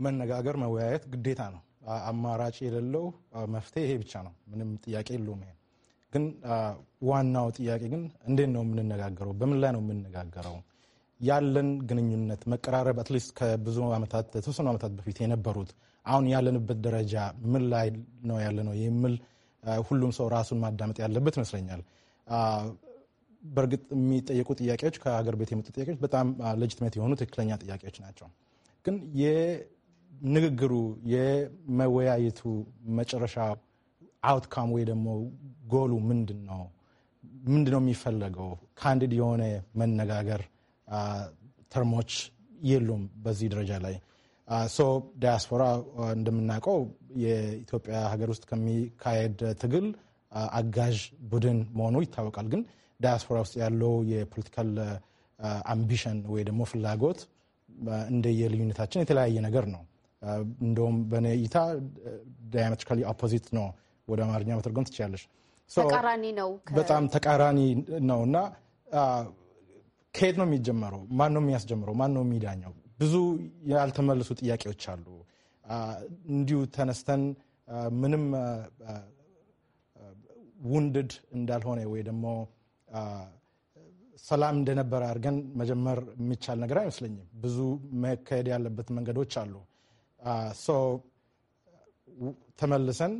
መነጋገር መወያየት ግዴታ ነው። አማራጭ የሌለው መፍትሄ ይሄ ብቻ ነው። ምንም ጥያቄ የለውም። ይሄ ግን ዋናው ጥያቄ ግን እንዴት ነው የምንነጋገረው? በምን ላይ ነው የምንነጋገረው? ያለን ግንኙነት መቀራረብ አትሊስት ከብዙ ዓመታት ተወሰኑ ዓመታት በፊት የነበሩት አሁን ያለንበት ደረጃ ምን ላይ ነው ያለ ነው የሚል ሁሉም ሰው ራሱን ማዳመጥ ያለበት ይመስለኛል። በእርግጥ የሚጠየቁ ጥያቄዎች ከሀገር ቤት የመጡ ጥያቄዎች በጣም ሌጅትሜት የሆኑ ትክክለኛ ጥያቄዎች ናቸው። ግን የንግግሩ የመወያየቱ መጨረሻ አውትካም ወይ ደግሞ ጎሉ ምንድን ነው? ምንድን ነው የሚፈለገው? ካንዲድ የሆነ መነጋገር ተርሞች uh, የሉም በዚህ ደረጃ ላይ ሶ uh, ዳያስፖራ uh, እንደምናውቀው የኢትዮጵያ ሀገር ውስጥ ከሚካሄድ ትግል አጋዥ ቡድን መሆኑ ይታወቃል። ግን ዳያስፖራ ውስጥ ያለው የፖለቲካል አምቢሽን ወይ ደግሞ ፍላጎት እንደየልዩነታችን የተለያየ ነገር ነው። እንደውም በእኔ እይታ ዳያሜትሪካሊ ኦፖዚት ነው። ወደ አማርኛ መተርጎም ትችላለች። በጣም ተቃራኒ ነው እና ከየት ነው የሚጀመረው? ማን ነው የሚያስጀምረው? ማን ነው የሚዳኘው? ብዙ ያልተመለሱ ጥያቄዎች አሉ። እንዲሁ ተነስተን ምንም ውንድድ እንዳልሆነ ወይ ደግሞ ሰላም እንደነበረ አድርገን መጀመር የሚቻል ነገር አይመስለኝም። ብዙ መካሄድ ያለበት መንገዶች አሉ። ተመልሰን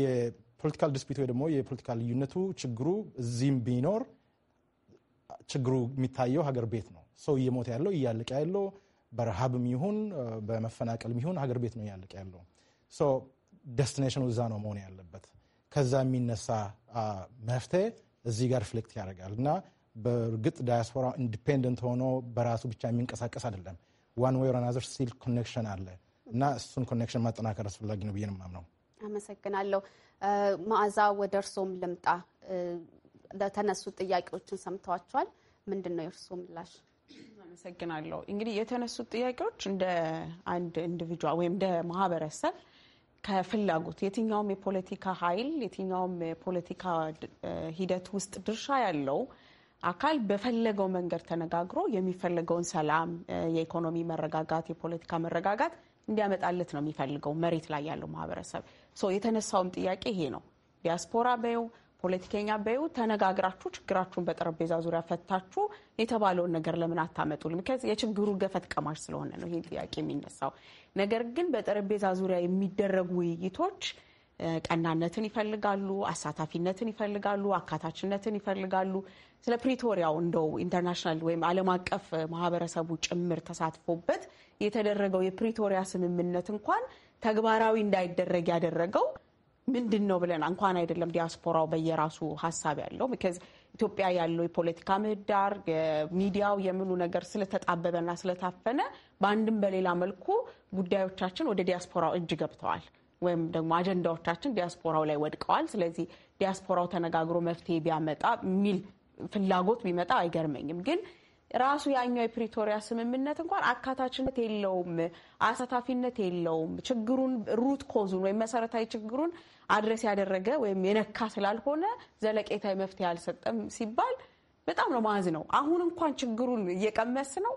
የፖለቲካል ዲስፒት ወይ ደግሞ የፖለቲካ ልዩነቱ ችግሩ እዚህም ቢኖር ችግሩ የሚታየው ሀገር ቤት ነው። ሰው እየሞተ ያለው እያለቀ ያለው በረሃብም ይሁን በመፈናቀልም ይሁን ሀገር ቤት ነው እያለቀ ያለው። ደስቲኔሽኑ እዛ ነው መሆን ያለበት። ከዛ የሚነሳ መፍትሄ እዚህ ጋር ፍሌክት ያደርጋል እና በእርግጥ ዳያስፖራ ኢንዲፔንደንት ሆኖ በራሱ ብቻ የሚንቀሳቀስ አይደለም። ዋን ወይ ኦናዘር ሲል ኮኔክሽን አለ እና እሱን ኮኔክሽን ማጠናከር አስፈላጊ ነው ብዬ ነው የማምነው። አመሰግናለሁ። መዓዛ ወደ እርሶም ልምጣ። ተነሱ ጥያቄዎችን ሰምተዋቸዋል። ምንድን ነው የእርስዎ ምላሽ? አመሰግናለሁ። እንግዲህ የተነሱት ጥያቄዎች እንደ አንድ ኢንዲቪጁዋል ወይም እንደ ማህበረሰብ ከፍላጎት የትኛውም የፖለቲካ ኃይል የትኛውም የፖለቲካ ሂደት ውስጥ ድርሻ ያለው አካል በፈለገው መንገድ ተነጋግሮ የሚፈልገውን ሰላም፣ የኢኮኖሚ መረጋጋት፣ የፖለቲካ መረጋጋት እንዲያመጣለት ነው የሚፈልገው መሬት ላይ ያለው ማህበረሰብ። የተነሳውም ጥያቄ ይሄ ነው። ዲያስፖራ በው ፖለቲከኛ በይው ተነጋግራችሁ ችግራችሁን በጠረጴዛ ዙሪያ ፈታችሁ የተባለውን ነገር ለምን አታመጡልም? ከዚህ የችግሩ ገፈት ቀማሽ ስለሆነ ነው ይህ ጥያቄ የሚነሳው። ነገር ግን በጠረጴዛ ዙሪያ የሚደረጉ ውይይቶች ቀናነትን ይፈልጋሉ፣ አሳታፊነትን ይፈልጋሉ፣ አካታችነትን ይፈልጋሉ። ስለ ፕሪቶሪያው እንደው ኢንተርናሽናል ወይም ዓለም አቀፍ ማህበረሰቡ ጭምር ተሳትፎበት የተደረገው የፕሪቶሪያ ስምምነት እንኳን ተግባራዊ እንዳይደረግ ያደረገው ምንድን ነው ብለን እንኳን አይደለም ዲያስፖራው በየራሱ ሀሳብ ያለው ኢትዮጵያ ያለው የፖለቲካ ምህዳር የሚዲያው የምኑ ነገር ስለተጣበበና ስለታፈነ በአንድም በሌላ መልኩ ጉዳዮቻችን ወደ ዲያስፖራው እጅ ገብተዋል ወይም ደግሞ አጀንዳዎቻችን ዲያስፖራው ላይ ወድቀዋል። ስለዚህ ዲያስፖራው ተነጋግሮ መፍትሄ ቢያመጣ የሚል ፍላጎት ቢመጣ አይገርመኝም ግን ራሱ ያኛው የፕሪቶሪያ ስምምነት እንኳን አካታችነት የለውም፣ አሳታፊነት የለውም። ችግሩን ሩት ኮዙን ወይም መሰረታዊ ችግሩን አድረስ ያደረገ ወይም የነካ ስላልሆነ ዘለቄታዊ መፍትሄ አልሰጠም ሲባል በጣም ነው ማዝ ነው። አሁን እንኳን ችግሩን እየቀመስ ነው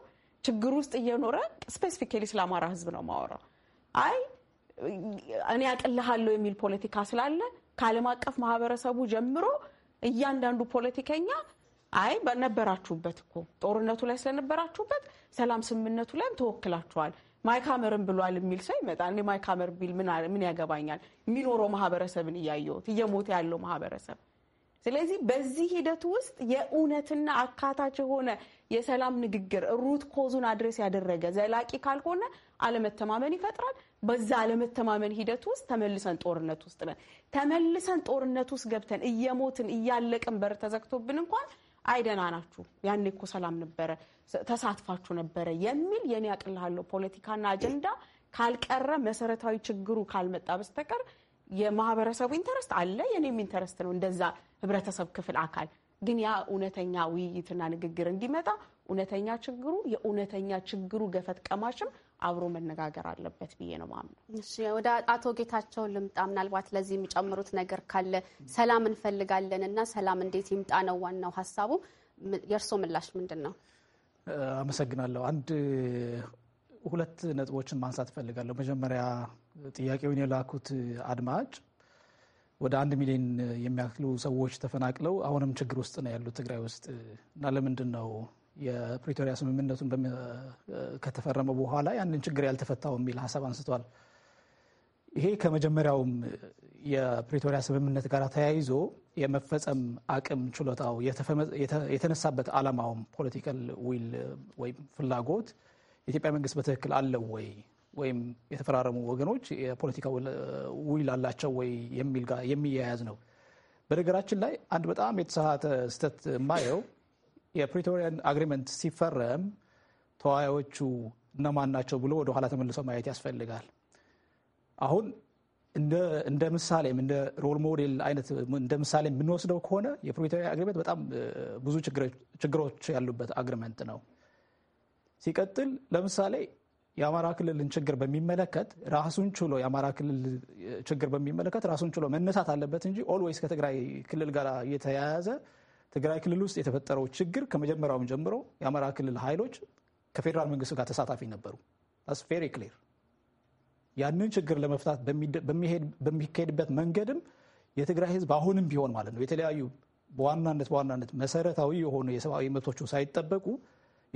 ችግር ውስጥ እየኖረ ስፔሲፊካሊ ስለ አማራ ህዝብ ነው ማወራው። አይ እኔ አቅልሃለሁ የሚል ፖለቲካ ስላለ ከዓለም አቀፍ ማህበረሰቡ ጀምሮ እያንዳንዱ ፖለቲከኛ አይ በነበራችሁበት እኮ ጦርነቱ ላይ ስለነበራችሁበት ሰላም ስምምነቱ ላይም ተወክላችኋል ማይካመርን ብሏል የሚል ሰው ይመጣል። እኔ ማይካመር ቢል ምን ያገባኛል? የሚኖረው ማህበረሰብን እያየሁት እየሞተ ያለው ማህበረሰብ። ስለዚህ በዚህ ሂደት ውስጥ የእውነትና አካታች የሆነ የሰላም ንግግር ሩት ኮዙን አድሬስ ያደረገ ዘላቂ ካልሆነ አለመተማመን ይፈጥራል። በዛ አለመተማመን ሂደት ውስጥ ተመልሰን ጦርነት ውስጥ ነን። ተመልሰን ጦርነት ውስጥ ገብተን እየሞትን እያለቅን በር ተዘግቶብን እንኳን አይደና ናችሁ ያኔ እኮ ሰላም ነበረ፣ ተሳትፋችሁ ነበረ የሚል የኔ ያቅልሃለሁ ፖለቲካና አጀንዳ ካልቀረ መሰረታዊ ችግሩ ካልመጣ በስተቀር የማህበረሰቡ ኢንተረስት አለ፣ የኔም ኢንተረስት ነው እንደዛ ህብረተሰብ ክፍል አካል ግን ያ እውነተኛ ውይይትና ንግግር እንዲመጣ እውነተኛ ችግሩ የእውነተኛ ችግሩ ገፈት ቀማሽም አብሮ መነጋገር አለበት ብዬ ነው ማምነው። ወደ አቶ ጌታቸው ልምጣ። ምናልባት ለዚህ የሚጨምሩት ነገር ካለ ሰላም እንፈልጋለን እና ሰላም እንዴት ይምጣ ነው ዋናው ሀሳቡ። የእርስዎ ምላሽ ምንድን ነው? አመሰግናለሁ። አንድ ሁለት ነጥቦችን ማንሳት እፈልጋለሁ። መጀመሪያ ጥያቄውን የላኩት አድማጭ ወደ አንድ ሚሊዮን የሚያክሉ ሰዎች ተፈናቅለው አሁንም ችግር ውስጥ ነው ያሉት ትግራይ ውስጥ እና ለምንድን ነው የፕሪቶሪያ ስምምነቱን ከተፈረመ በኋላ ያንን ችግር ያልተፈታው የሚል ሀሳብ አንስቷል። ይሄ ከመጀመሪያውም የፕሪቶሪያ ስምምነት ጋር ተያይዞ የመፈጸም አቅም ችሎታው የተነሳበት ዓላማውም ፖለቲካል ዊል ወይም ፍላጎት የኢትዮጵያ መንግስት በትክክል አለው ወይ ወይም የተፈራረሙ ወገኖች የፖለቲካ ዊል አላቸው ወይ የሚል ጋር የሚያያዝ ነው። በነገራችን ላይ አንድ በጣም የተሳሳተ ስህተት የማየው የፕሪቶሪያን አግሪመንት ሲፈረም ተዋዮቹ እነማን ናቸው ብሎ ወደ ኋላ ተመልሶ ማየት ያስፈልጋል። አሁን እንደ ምሳሌም እንደ ሮል ሞዴል አይነት እንደ ምሳሌ የምንወስደው ከሆነ የፕሪቶሪያ አግሪመንት በጣም ብዙ ችግሮች ያሉበት አግሪመንት ነው። ሲቀጥል ለምሳሌ የአማራ ክልልን ችግር በሚመለከት ራሱን ችሎ የአማራ ክልል ችግር በሚመለከት ራሱን ችሎ መነሳት አለበት እንጂ ኦልዌይስ ከትግራይ ክልል ጋር እየተያያዘ ትግራይ ክልል ውስጥ የተፈጠረው ችግር ከመጀመሪያውም ጀምሮ የአማራ ክልል ኃይሎች ከፌዴራል መንግስት ጋር ተሳታፊ ነበሩ። ቬሪ ክሊር። ያንን ችግር ለመፍታት በሚካሄድበት መንገድም የትግራይ ህዝብ አሁንም ቢሆን ማለት ነው የተለያዩ በዋናነት በዋናነት መሰረታዊ የሆኑ የሰብአዊ መብቶቹ ሳይጠበቁ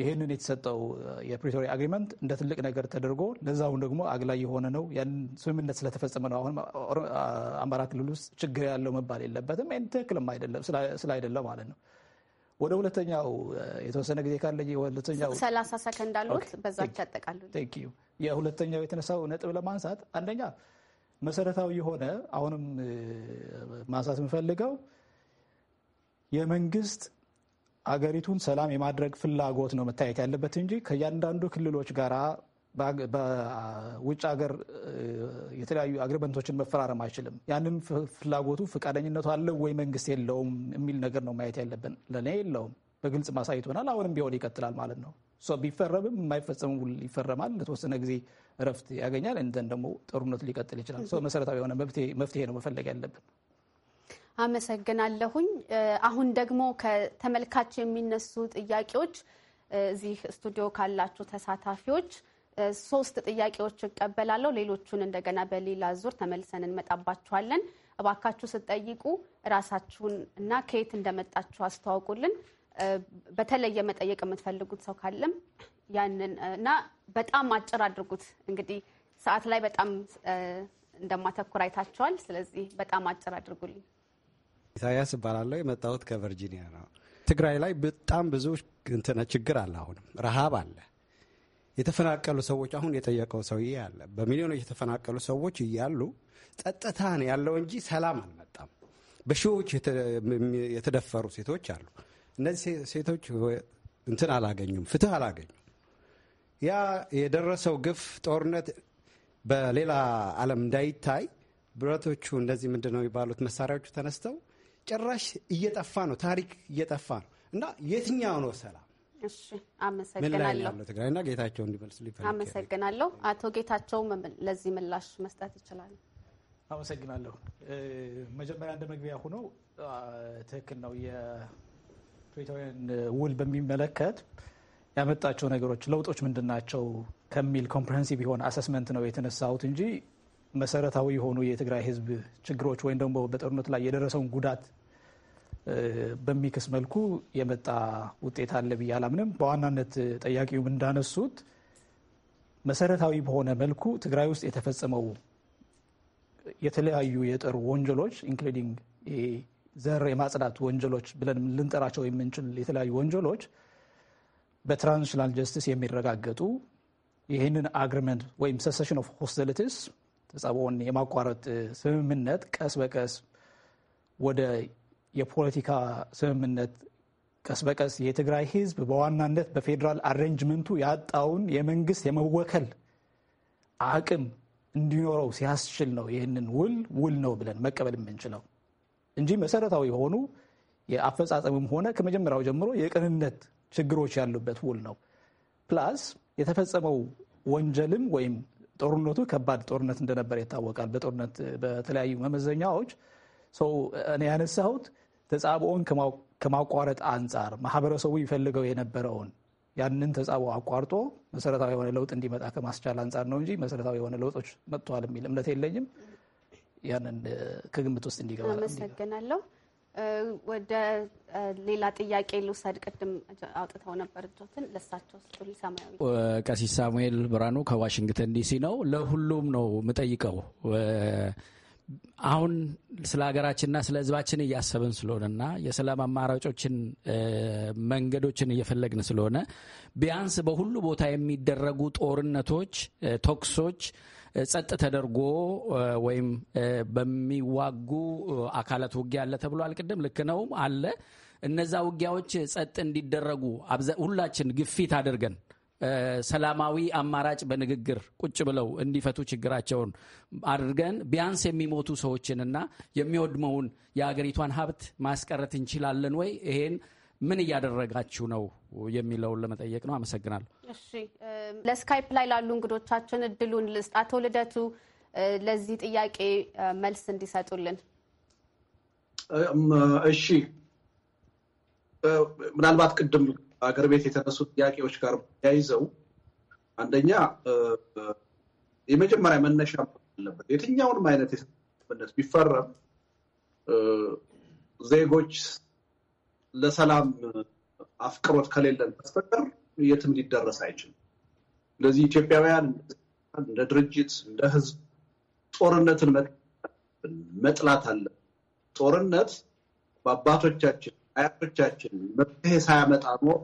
ይህንን የተሰጠው uh, የፕሪቶሪ አግሪመንት እንደ ትልቅ ነገር ተደርጎ ለዛሁን ደግሞ አግላይ የሆነ ነው። ያን ስምምነት ስለተፈጸመ ነው አሁን uh, አማራ ክልል ውስጥ ችግር ያለው መባል የለበትም። ይህን ትክክልም አይደለም ማለት ነው። ወደ ሁለተኛው uh, የተወሰነ ጊዜ ካለ ሁለተኛው ሰላሳ ሰከንድ አለዎት። በዛች ያጠቃሉ። የሁለተኛው የተነሳው ነጥብ ለማንሳት አንደኛ መሰረታዊ የሆነ አሁንም ማንሳት የምፈልገው የመንግስት አገሪቱን ሰላም የማድረግ ፍላጎት ነው መታየት ያለበት እንጂ ከእያንዳንዱ ክልሎች ጋራ በውጭ ሀገር የተለያዩ አግሪመንቶችን መፈራረም አይችልም። ያንን ፍላጎቱ ፈቃደኝነቱ አለው ወይ መንግስት የለውም የሚል ነገር ነው ማየት ያለብን። ለእኔ የለውም በግልጽ ማሳየት ይሆናል። አሁንም ቢሆን ይቀጥላል ማለት ነው። ቢፈረምም የማይፈጸም ውል ይፈረማል። ለተወሰነ ጊዜ እረፍት ያገኛል። እንደን ደግሞ ጦርነቱ ሊቀጥል ይችላል። ሰው መሰረታዊ የሆነ መፍትሄ ነው መፈለግ ያለብን። አመሰግናለሁኝ። አሁን ደግሞ ከተመልካች የሚነሱ ጥያቄዎች እዚህ ስቱዲዮ ካላችሁ ተሳታፊዎች ሶስት ጥያቄዎች እቀበላለሁ። ሌሎቹን እንደገና በሌላ ዙር ተመልሰን እንመጣባችኋለን። እባካችሁ ስትጠይቁ እራሳችሁን እና ከየት እንደመጣችሁ አስተዋውቁልን። በተለየ መጠየቅ የምትፈልጉት ሰው ካለም ያንን እና በጣም አጭር አድርጉት። እንግዲህ ሰዓት ላይ በጣም እንደማተኩር አይታችኋል። ስለዚህ በጣም አጭር አድርጉልኝ። ኢሳያስ እባላለሁ። የመጣሁት ከቨርጂኒያ ነው። ትግራይ ላይ በጣም ብዙ እንትነ ችግር አለ። አሁንም ረሃብ አለ። የተፈናቀሉ ሰዎች አሁን የጠየቀው ሰውዬ አለ። በሚሊዮኖች የተፈናቀሉ ሰዎች እያሉ ጸጥታ ነው ያለው እንጂ ሰላም አልመጣም። በሺዎች የተደፈሩ ሴቶች አሉ። እነዚህ ሴቶች እንትን አላገኙም፣ ፍትህ አላገኙም። ያ የደረሰው ግፍ ጦርነት በሌላ ዓለም እንዳይታይ ብረቶቹ እንደዚህ ምንድን ነው የሚባሉት መሳሪያዎቹ ተነስተው ጭራሽ እየጠፋ ነው፣ ታሪክ እየጠፋ ነው እና የትኛው ነው ሰላም? እሺ አመሰግናለሁ። ትግራይና ጌታቸው እንዲመልስ አመሰግናለሁ። አቶ ጌታቸው ለዚህ ምላሽ መስጠት ይችላል? አመሰግናለሁ። መጀመሪያ እንደ መግቢያ ሆኖ ትክክል ነው። የፕሪቶሪያን ውል በሚመለከት ያመጣቸው ነገሮች ለውጦች ምንድን ናቸው ከሚል ኮምፕሬሄንሲቭ የሆነ አሰስመንት ነው የተነሳሁት እንጂ መሰረታዊ የሆኑ የትግራይ ህዝብ ችግሮች ወይም ደግሞ በጦርነት ላይ የደረሰውን ጉዳት በሚክስ መልኩ የመጣ ውጤት አለ ብዬ አላምንም። በዋናነት ጠያቂውም እንዳነሱት መሰረታዊ በሆነ መልኩ ትግራይ ውስጥ የተፈጸመው የተለያዩ የጦር ወንጀሎች ኢንክሉዲንግ ዘር የማጽዳት ወንጀሎች ብለን ልንጠራቸው የምንችል የተለያዩ ወንጀሎች በትራንዚሽናል ጀስቲስ የሚረጋገጡ ይህንን አግሪመንት ወይም ሰሴሽን ኦፍ ሆስቲሊቲስ ጸባውን የማቋረጥ ስምምነት ቀስ በቀስ ወደ የፖለቲካ ስምምነት ቀስ በቀስ የትግራይ ህዝብ በዋናነት በፌዴራል አሬንጅመንቱ ያጣውን የመንግስት የመወከል አቅም እንዲኖረው ሲያስችል ነው ይህንን ውል ውል ነው ብለን መቀበል የምንችለው እንጂ መሰረታዊ የሆኑ የአፈጻጸምም ሆነ ከመጀመሪያው ጀምሮ የቅንነት ችግሮች ያሉበት ውል ነው። ፕላስ የተፈጸመው ወንጀልም ወይም ጦርነቱ ከባድ ጦርነት እንደነበረ ይታወቃል። በጦርነት በተለያዩ መመዘኛዎች ሰው እኔ ያነሳሁት ተጻብኦን ከማቋረጥ አንጻር ማህበረሰቡ ይፈልገው የነበረውን ያንን ተጻቦ አቋርጦ መሰረታዊ የሆነ ለውጥ እንዲመጣ ከማስቻል አንጻር ነው እንጂ መሰረታዊ የሆነ ለውጦች መጥተዋል የሚል እምነት የለኝም። ያንን ከግምት ውስጥ እንዲገባ አመሰግናለሁ። ወደ ሌላ ጥያቄ ልውሰድ። ቅድም አውጥተው ነበር እጆትን ለሳቸው ስጡል። ሰማያዊ ቀሲስ ሳሙኤል ብርሃኑ ከዋሽንግተን ዲሲ ነው። ለሁሉም ነው የምጠይቀው። አሁን ስለ ሀገራችንና ስለ ሕዝባችን እያሰብን ስለሆነና የሰላም አማራጮችን መንገዶችን እየፈለግን ስለሆነ ቢያንስ በሁሉ ቦታ የሚደረጉ ጦርነቶች፣ ተኩሶች ጸጥ ተደርጎ ወይም በሚዋጉ አካላት ውጊያ አለ ተብሏል። ቅድም ልክ ነው አለ። እነዛ ውጊያዎች ጸጥ እንዲደረጉ ሁላችን ግፊት አድርገን ሰላማዊ አማራጭ በንግግር ቁጭ ብለው እንዲፈቱ ችግራቸውን አድርገን ቢያንስ የሚሞቱ ሰዎችንና የሚወድመውን የአገሪቷን ሀብት ማስቀረት እንችላለን ወይ? ይሄን ምን እያደረጋችሁ ነው የሚለውን ለመጠየቅ ነው። አመሰግናለሁ። እሺ፣ ለስካይፕ ላይ ላሉ እንግዶቻችን እድሉን ልስጥ። አቶ ልደቱ ለዚህ ጥያቄ መልስ እንዲሰጡልን። እሺ፣ ምናልባት ቅድም አገር ቤት የተነሱ ጥያቄዎች ጋር ተያይዘው አንደኛ የመጀመሪያ መነሻ አለበት የትኛውንም አይነት ስምምነት ቢፈረም ዜጎች ለሰላም አፍቅሮት ከሌለን በስተቀር የትም ሊደረስ አይችልም። ስለዚህ ኢትዮጵያውያን እንደ ድርጅት እንደ ህዝብ ጦርነትን መጥላት አለ። ጦርነት በአባቶቻችን አያቶቻችን መፍትሄ ሳያመጣ ኖሮ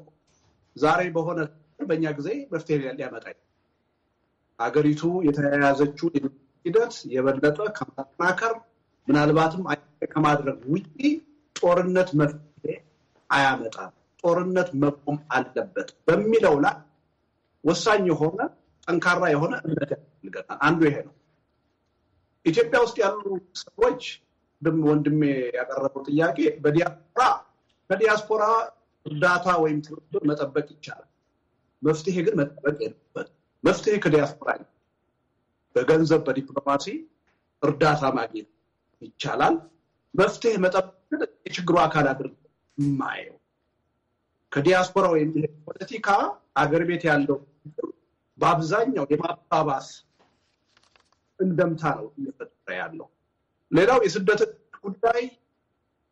ዛሬ በሆነ በእኛ ጊዜ መፍትሄ ሊያመጣ አገሪቱ የተያያዘችው ሂደት የበለጠ ከማጠናከር ምናልባትም ከማድረግ ውጪ ጦርነት መፍ አያመጣም፣ ጦርነት መቆም አለበት በሚለው ላይ ወሳኝ የሆነ ጠንካራ የሆነ እምነት ያስፈልገናል። አንዱ ይሄ ነው። ኢትዮጵያ ውስጥ ያሉ ሰዎች ወንድሜ ያቀረበው ጥያቄ በዲያስፖራ ከዲያስፖራ እርዳታ ወይም ትብብር መጠበቅ ይቻላል። መፍትሄ ግን መጠበቅ የለበት። መፍትሄ ከዲያስፖራ በገንዘብ በዲፕሎማሲ እርዳታ ማግኘት ይቻላል። መፍትሄ መጠበቅ የችግሩ አካል አድርገን የማየው ከዲያስፖራ ወይም ፖለቲካ አገር ቤት ያለው በአብዛኛው የማባባስ እንደምታ ነው እየፈጠረ ያለው። ሌላው የስደት ጉዳይ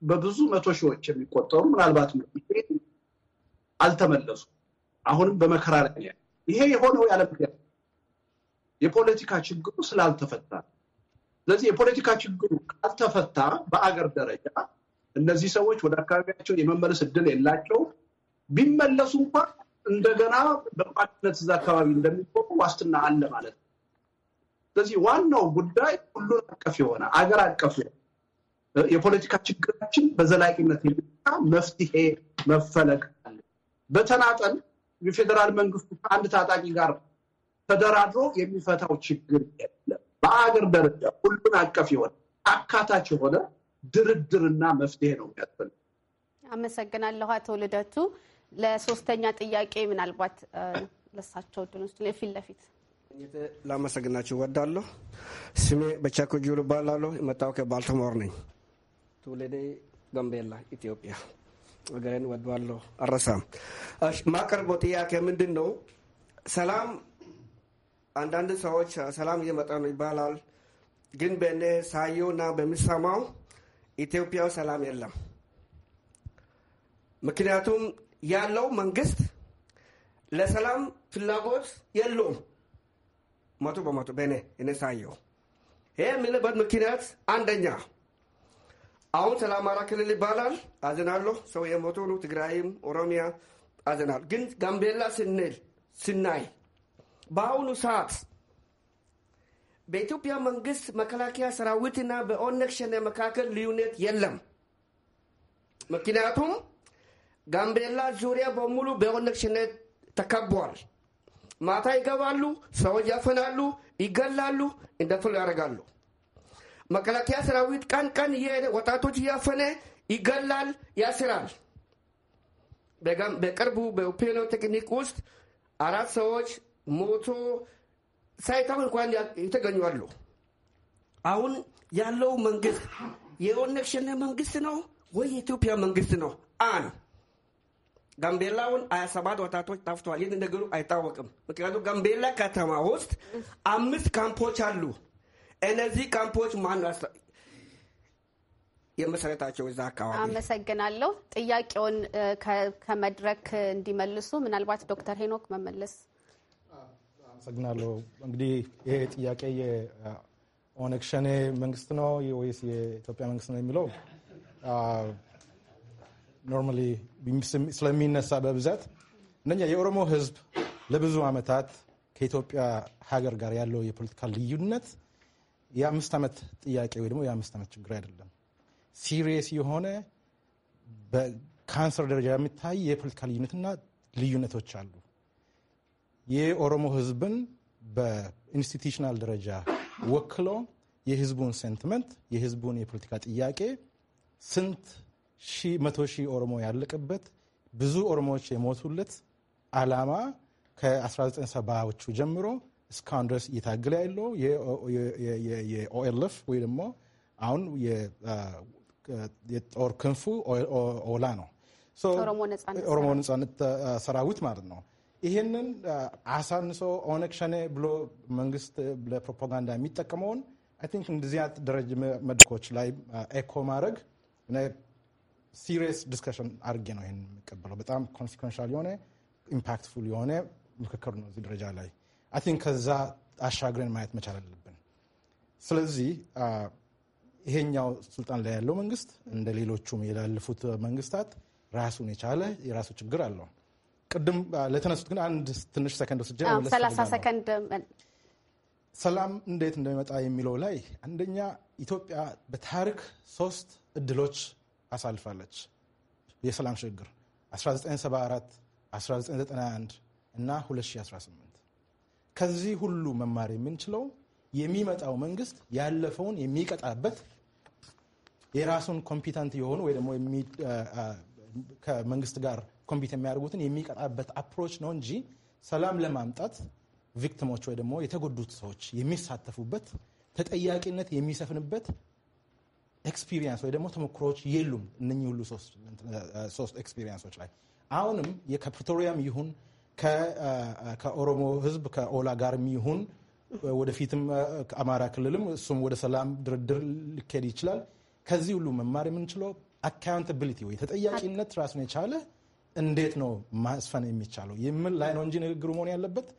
በብዙ መቶ ሺዎች የሚቆጠሩ ምናልባት አልተመለሱ አሁንም በመከራ ላይ ያ ይሄ የሆነው ያለ ምክንያት የፖለቲካ ችግሩ ስላልተፈታ። ስለዚህ የፖለቲካ ችግሩ ካልተፈታ በአገር ደረጃ እነዚህ ሰዎች ወደ አካባቢያቸው የመመለስ እድል የላቸው ቢመለሱ እንኳ እንደገና በቋሚነት እዛ አካባቢ እንደሚቆሙ ዋስትና አለ ማለት ነው። ስለዚህ ዋናው ጉዳይ ሁሉን አቀፍ የሆነ አገር አቀፍ የፖለቲካ ችግራችን በዘላቂነት የሚታ መፍትሄ መፈለግ አለ። በተናጠል የፌዴራል መንግስቱ ከአንድ ታጣቂ ጋር ተደራድሮ የሚፈታው ችግር የለም። በአገር ደረጃ ሁሉን አቀፍ የሆነ አካታች የሆነ ድርድርና መፍትሄ ነው የሚያስፈልግ። አመሰግናለሁ አቶ ልደቱ። ለሶስተኛ ጥያቄ ምናልባት ለሳቸው ድን ውስጥ ፊት ለፊት ላመሰግናችሁ እወዳለሁ። ስሜ በቻኮ ጁሉ እባላለሁ። የመጣሁት ከባልቲሞር ነኝ። ትውልዴ ጋምቤላ ኢትዮጵያ። ሀገሬን ወዷለሁ አልረሳም። ማቀርቦ ጥያቄ ምንድን ነው? ሰላም አንዳንድ ሰዎች ሰላም እየመጣ ነው ይባላል። ግን በእኔ ሳየውና በሚሰማው ኢትዮጵያው ሰላም የለም። ምክንያቱም ያለው መንግስት ለሰላም ፍላጎት የለውም። መቶ በመቶ በእኔ እኔ ሳየው ይህ የምልበት ምክንያት አንደኛ አሁን ስለ አማራ ክልል ይባላል፣ አዝናለሁ። ሰው የሞቱ ነው። ትግራይም ኦሮሚያ አዝናል። ግን ጋምቤላ ስንል ስናይ በአሁኑ ሰዓት በኢትዮጵያ መንግስት መከላከያ ሰራዊትና በኦነግ ሸኔ መካከል ልዩነት የለም። ምክንያቱም ጋምቤላ ዙሪያ በሙሉ በኦነግ ሸኔ ተከቧል። ማታ ይገባሉ፣ ሰዎች ያፈናሉ፣ ይገላሉ፣ እንደፍል ያደርጋሉ። መከላከያ ሰራዊት ቀን ቀን ወጣቶች እያፈነ ይገላል፣ ያስራል። በቅርቡ በኦፔኖ ቴክኒክ ውስጥ አራት ሰዎች ሞቶ ሳይታው እንኳን የተገኙ አሉ። አሁን ያለው መንግስት የኦነግ ሸኔ መንግስት ነው ወይ የኢትዮጵያ መንግስት ነው? አን ጋምቤላውን ሀያ ሰባት ወጣቶች ጣፍተዋል ይህ ነገሩ አይታወቅም። ምክንያቱም ጋምቤላ ከተማ ውስጥ አምስት ካምፖች አሉ። እነዚህ ካምፖች ማን የመሰረታቸው እዛ አካባቢ። አመሰግናለሁ። ጥያቄውን ከመድረክ እንዲመልሱ ምናልባት ዶክተር ሄኖክ መመለስ አመሰግናለሁ። እንግዲህ ይሄ ጥያቄ የኦነግ ሸኔ መንግስት ነው ወይስ የኢትዮጵያ መንግስት ነው የሚለው ኖርማሊ ስለሚነሳ በብዛት እነኛ የኦሮሞ ህዝብ ለብዙ አመታት ከኢትዮጵያ ሀገር ጋር ያለው የፖለቲካ ልዩነት የአምስት ዓመት ጥያቄ ወይ ደግሞ የአምስት ዓመት ችግር አይደለም። ሲሪየስ የሆነ በካንሰር ደረጃ የሚታይ የፖለቲካ ልዩነትና ልዩነቶች አሉ። የኦሮሞ ህዝብን በኢንስቲቱሽናል ደረጃ ወክሎ የህዝቡን ሴንቲመንት የህዝቡን የፖለቲካ ጥያቄ ስንት ሺህ መቶ ሺህ ኦሮሞ ያለቀበት ብዙ ኦሮሞዎች የሞቱለት አላማ ከ1970ዎቹ ጀምሮ እስካሁን ድረስ እየታገለ ያለው የኦኤልፍ ወይ ደግሞ አሁን የጦር ክንፉ ኦላ ነው። ኦሮሞ ነጻነት ሰራዊት ማለት ነው። ይህንን አሳንሶ ኦነግ ሸኔ ብሎ መንግስት ለፕሮፓጋንዳ የሚጠቀመውን አይ ቲንክ እንደዚህ አይነት ደረጃ መድረኮች ላይ ኤኮ ማድረግ ሲሪየስ ዲስከሽን አድርጌ ነው ይህን የሚቀበለው። በጣም ኮንሲኮንሻል የሆነ ኢምፓክትፉል የሆነ ምክክር ነው እዚህ ደረጃ ላይ አይ ቲንክ ከዛ አሻግረን ማየት መቻል አለብን። ስለዚህ ይሄኛው ስልጣን ላይ ያለው መንግስት እንደ ሌሎቹም የላለፉት መንግስታት ራሱን የቻለ የራሱ ችግር አለው። ቅድም ለተነሱት ግን አንድ ትንሽ ሰከንድ ስጀ ሰላም እንዴት እንደሚመጣ የሚለው ላይ አንደኛ ኢትዮጵያ በታሪክ ሶስት እድሎች አሳልፋለች። የሰላም ሽግግር 1974፣ 1991 እና 2018 ከዚህ ሁሉ መማር የምንችለው የሚመጣው መንግስት ያለፈውን የሚቀጣበት የራሱን ኮምፒተንት የሆኑ ወይ ደግሞ ከመንግስት ጋር ኮምፒት የሚያደርጉትን የሚቀጣበት አፕሮች ነው እንጂ ሰላም ለማምጣት ቪክቲሞች ወይ ደግሞ የተጎዱት ሰዎች የሚሳተፉበት ተጠያቂነት የሚሰፍንበት ኤክስፒሪየንስ ወይ ደግሞ ተሞክሮዎች የሉም። እነኚህ ሁሉ ሶስት ኤክስፒሪየንሶች ላይ አሁንም ከፕሪቶሪያም ይሁን ከኦሮሞ ህዝብ ከኦላ ጋርም ይሁን ወደፊትም አማራ ክልልም እሱም ወደ ሰላም ድርድር ሊካሄድ ይችላል። ከዚህ ሁሉ መማር የምንችለው አካውንታብሊቲ ወይ ተጠያቂነት ራሱን የቻለ እንዴት ነው ማስፈን የሚቻለው የምን ላይ ነው እንጂ ንግግሩ መሆን ያለበት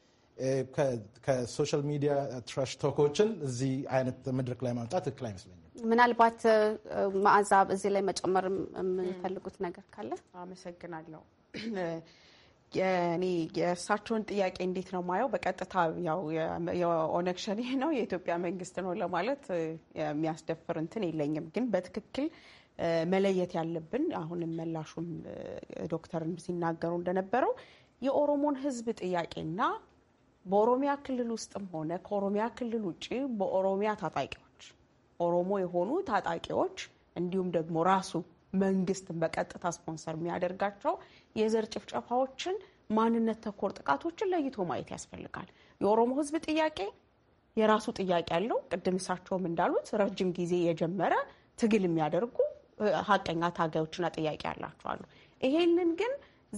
ከሶሻል ሚዲያ ትራሽ ቶኮችን እዚህ አይነት መድረክ ላይ ማምጣት ትክክል አይመስለኝም። ምናልባት ማዕዛብ እዚህ ላይ መጨመር የምንፈልጉት ነገር ካለ አመሰግናለሁ። (clears throat) እኔ የእርሳቸውን ጥያቄ እንዴት ነው ማየው፣ በቀጥታ ያው የኦነግ ሸኔ ነው የኢትዮጵያ መንግስት ነው ለማለት የሚያስደፍር እንትን የለኝም። ግን በትክክል መለየት ያለብን አሁንም መላሹም ዶክተርን ሲናገሩ እንደነበረው የኦሮሞን ህዝብ ጥያቄና በኦሮሚያ ክልል ውስጥም ሆነ ከኦሮሚያ ክልል ውጭ በኦሮሚያ ታጣቂዎች ኦሮሞ የሆኑ ታጣቂዎች እንዲሁም ደግሞ ራሱ መንግስትን በቀጥታ ስፖንሰር የሚያደርጋቸው የዘር ጭፍጨፋዎችን፣ ማንነት ተኮር ጥቃቶችን ለይቶ ማየት ያስፈልጋል። የኦሮሞ ህዝብ ጥያቄ የራሱ ጥያቄ አለው። ቅድም እሳቸውም እንዳሉት ረጅም ጊዜ የጀመረ ትግል የሚያደርጉ ሀቀኛ ታጋዮችና ጥያቄ ያላቸዋሉ። ይሄንን ግን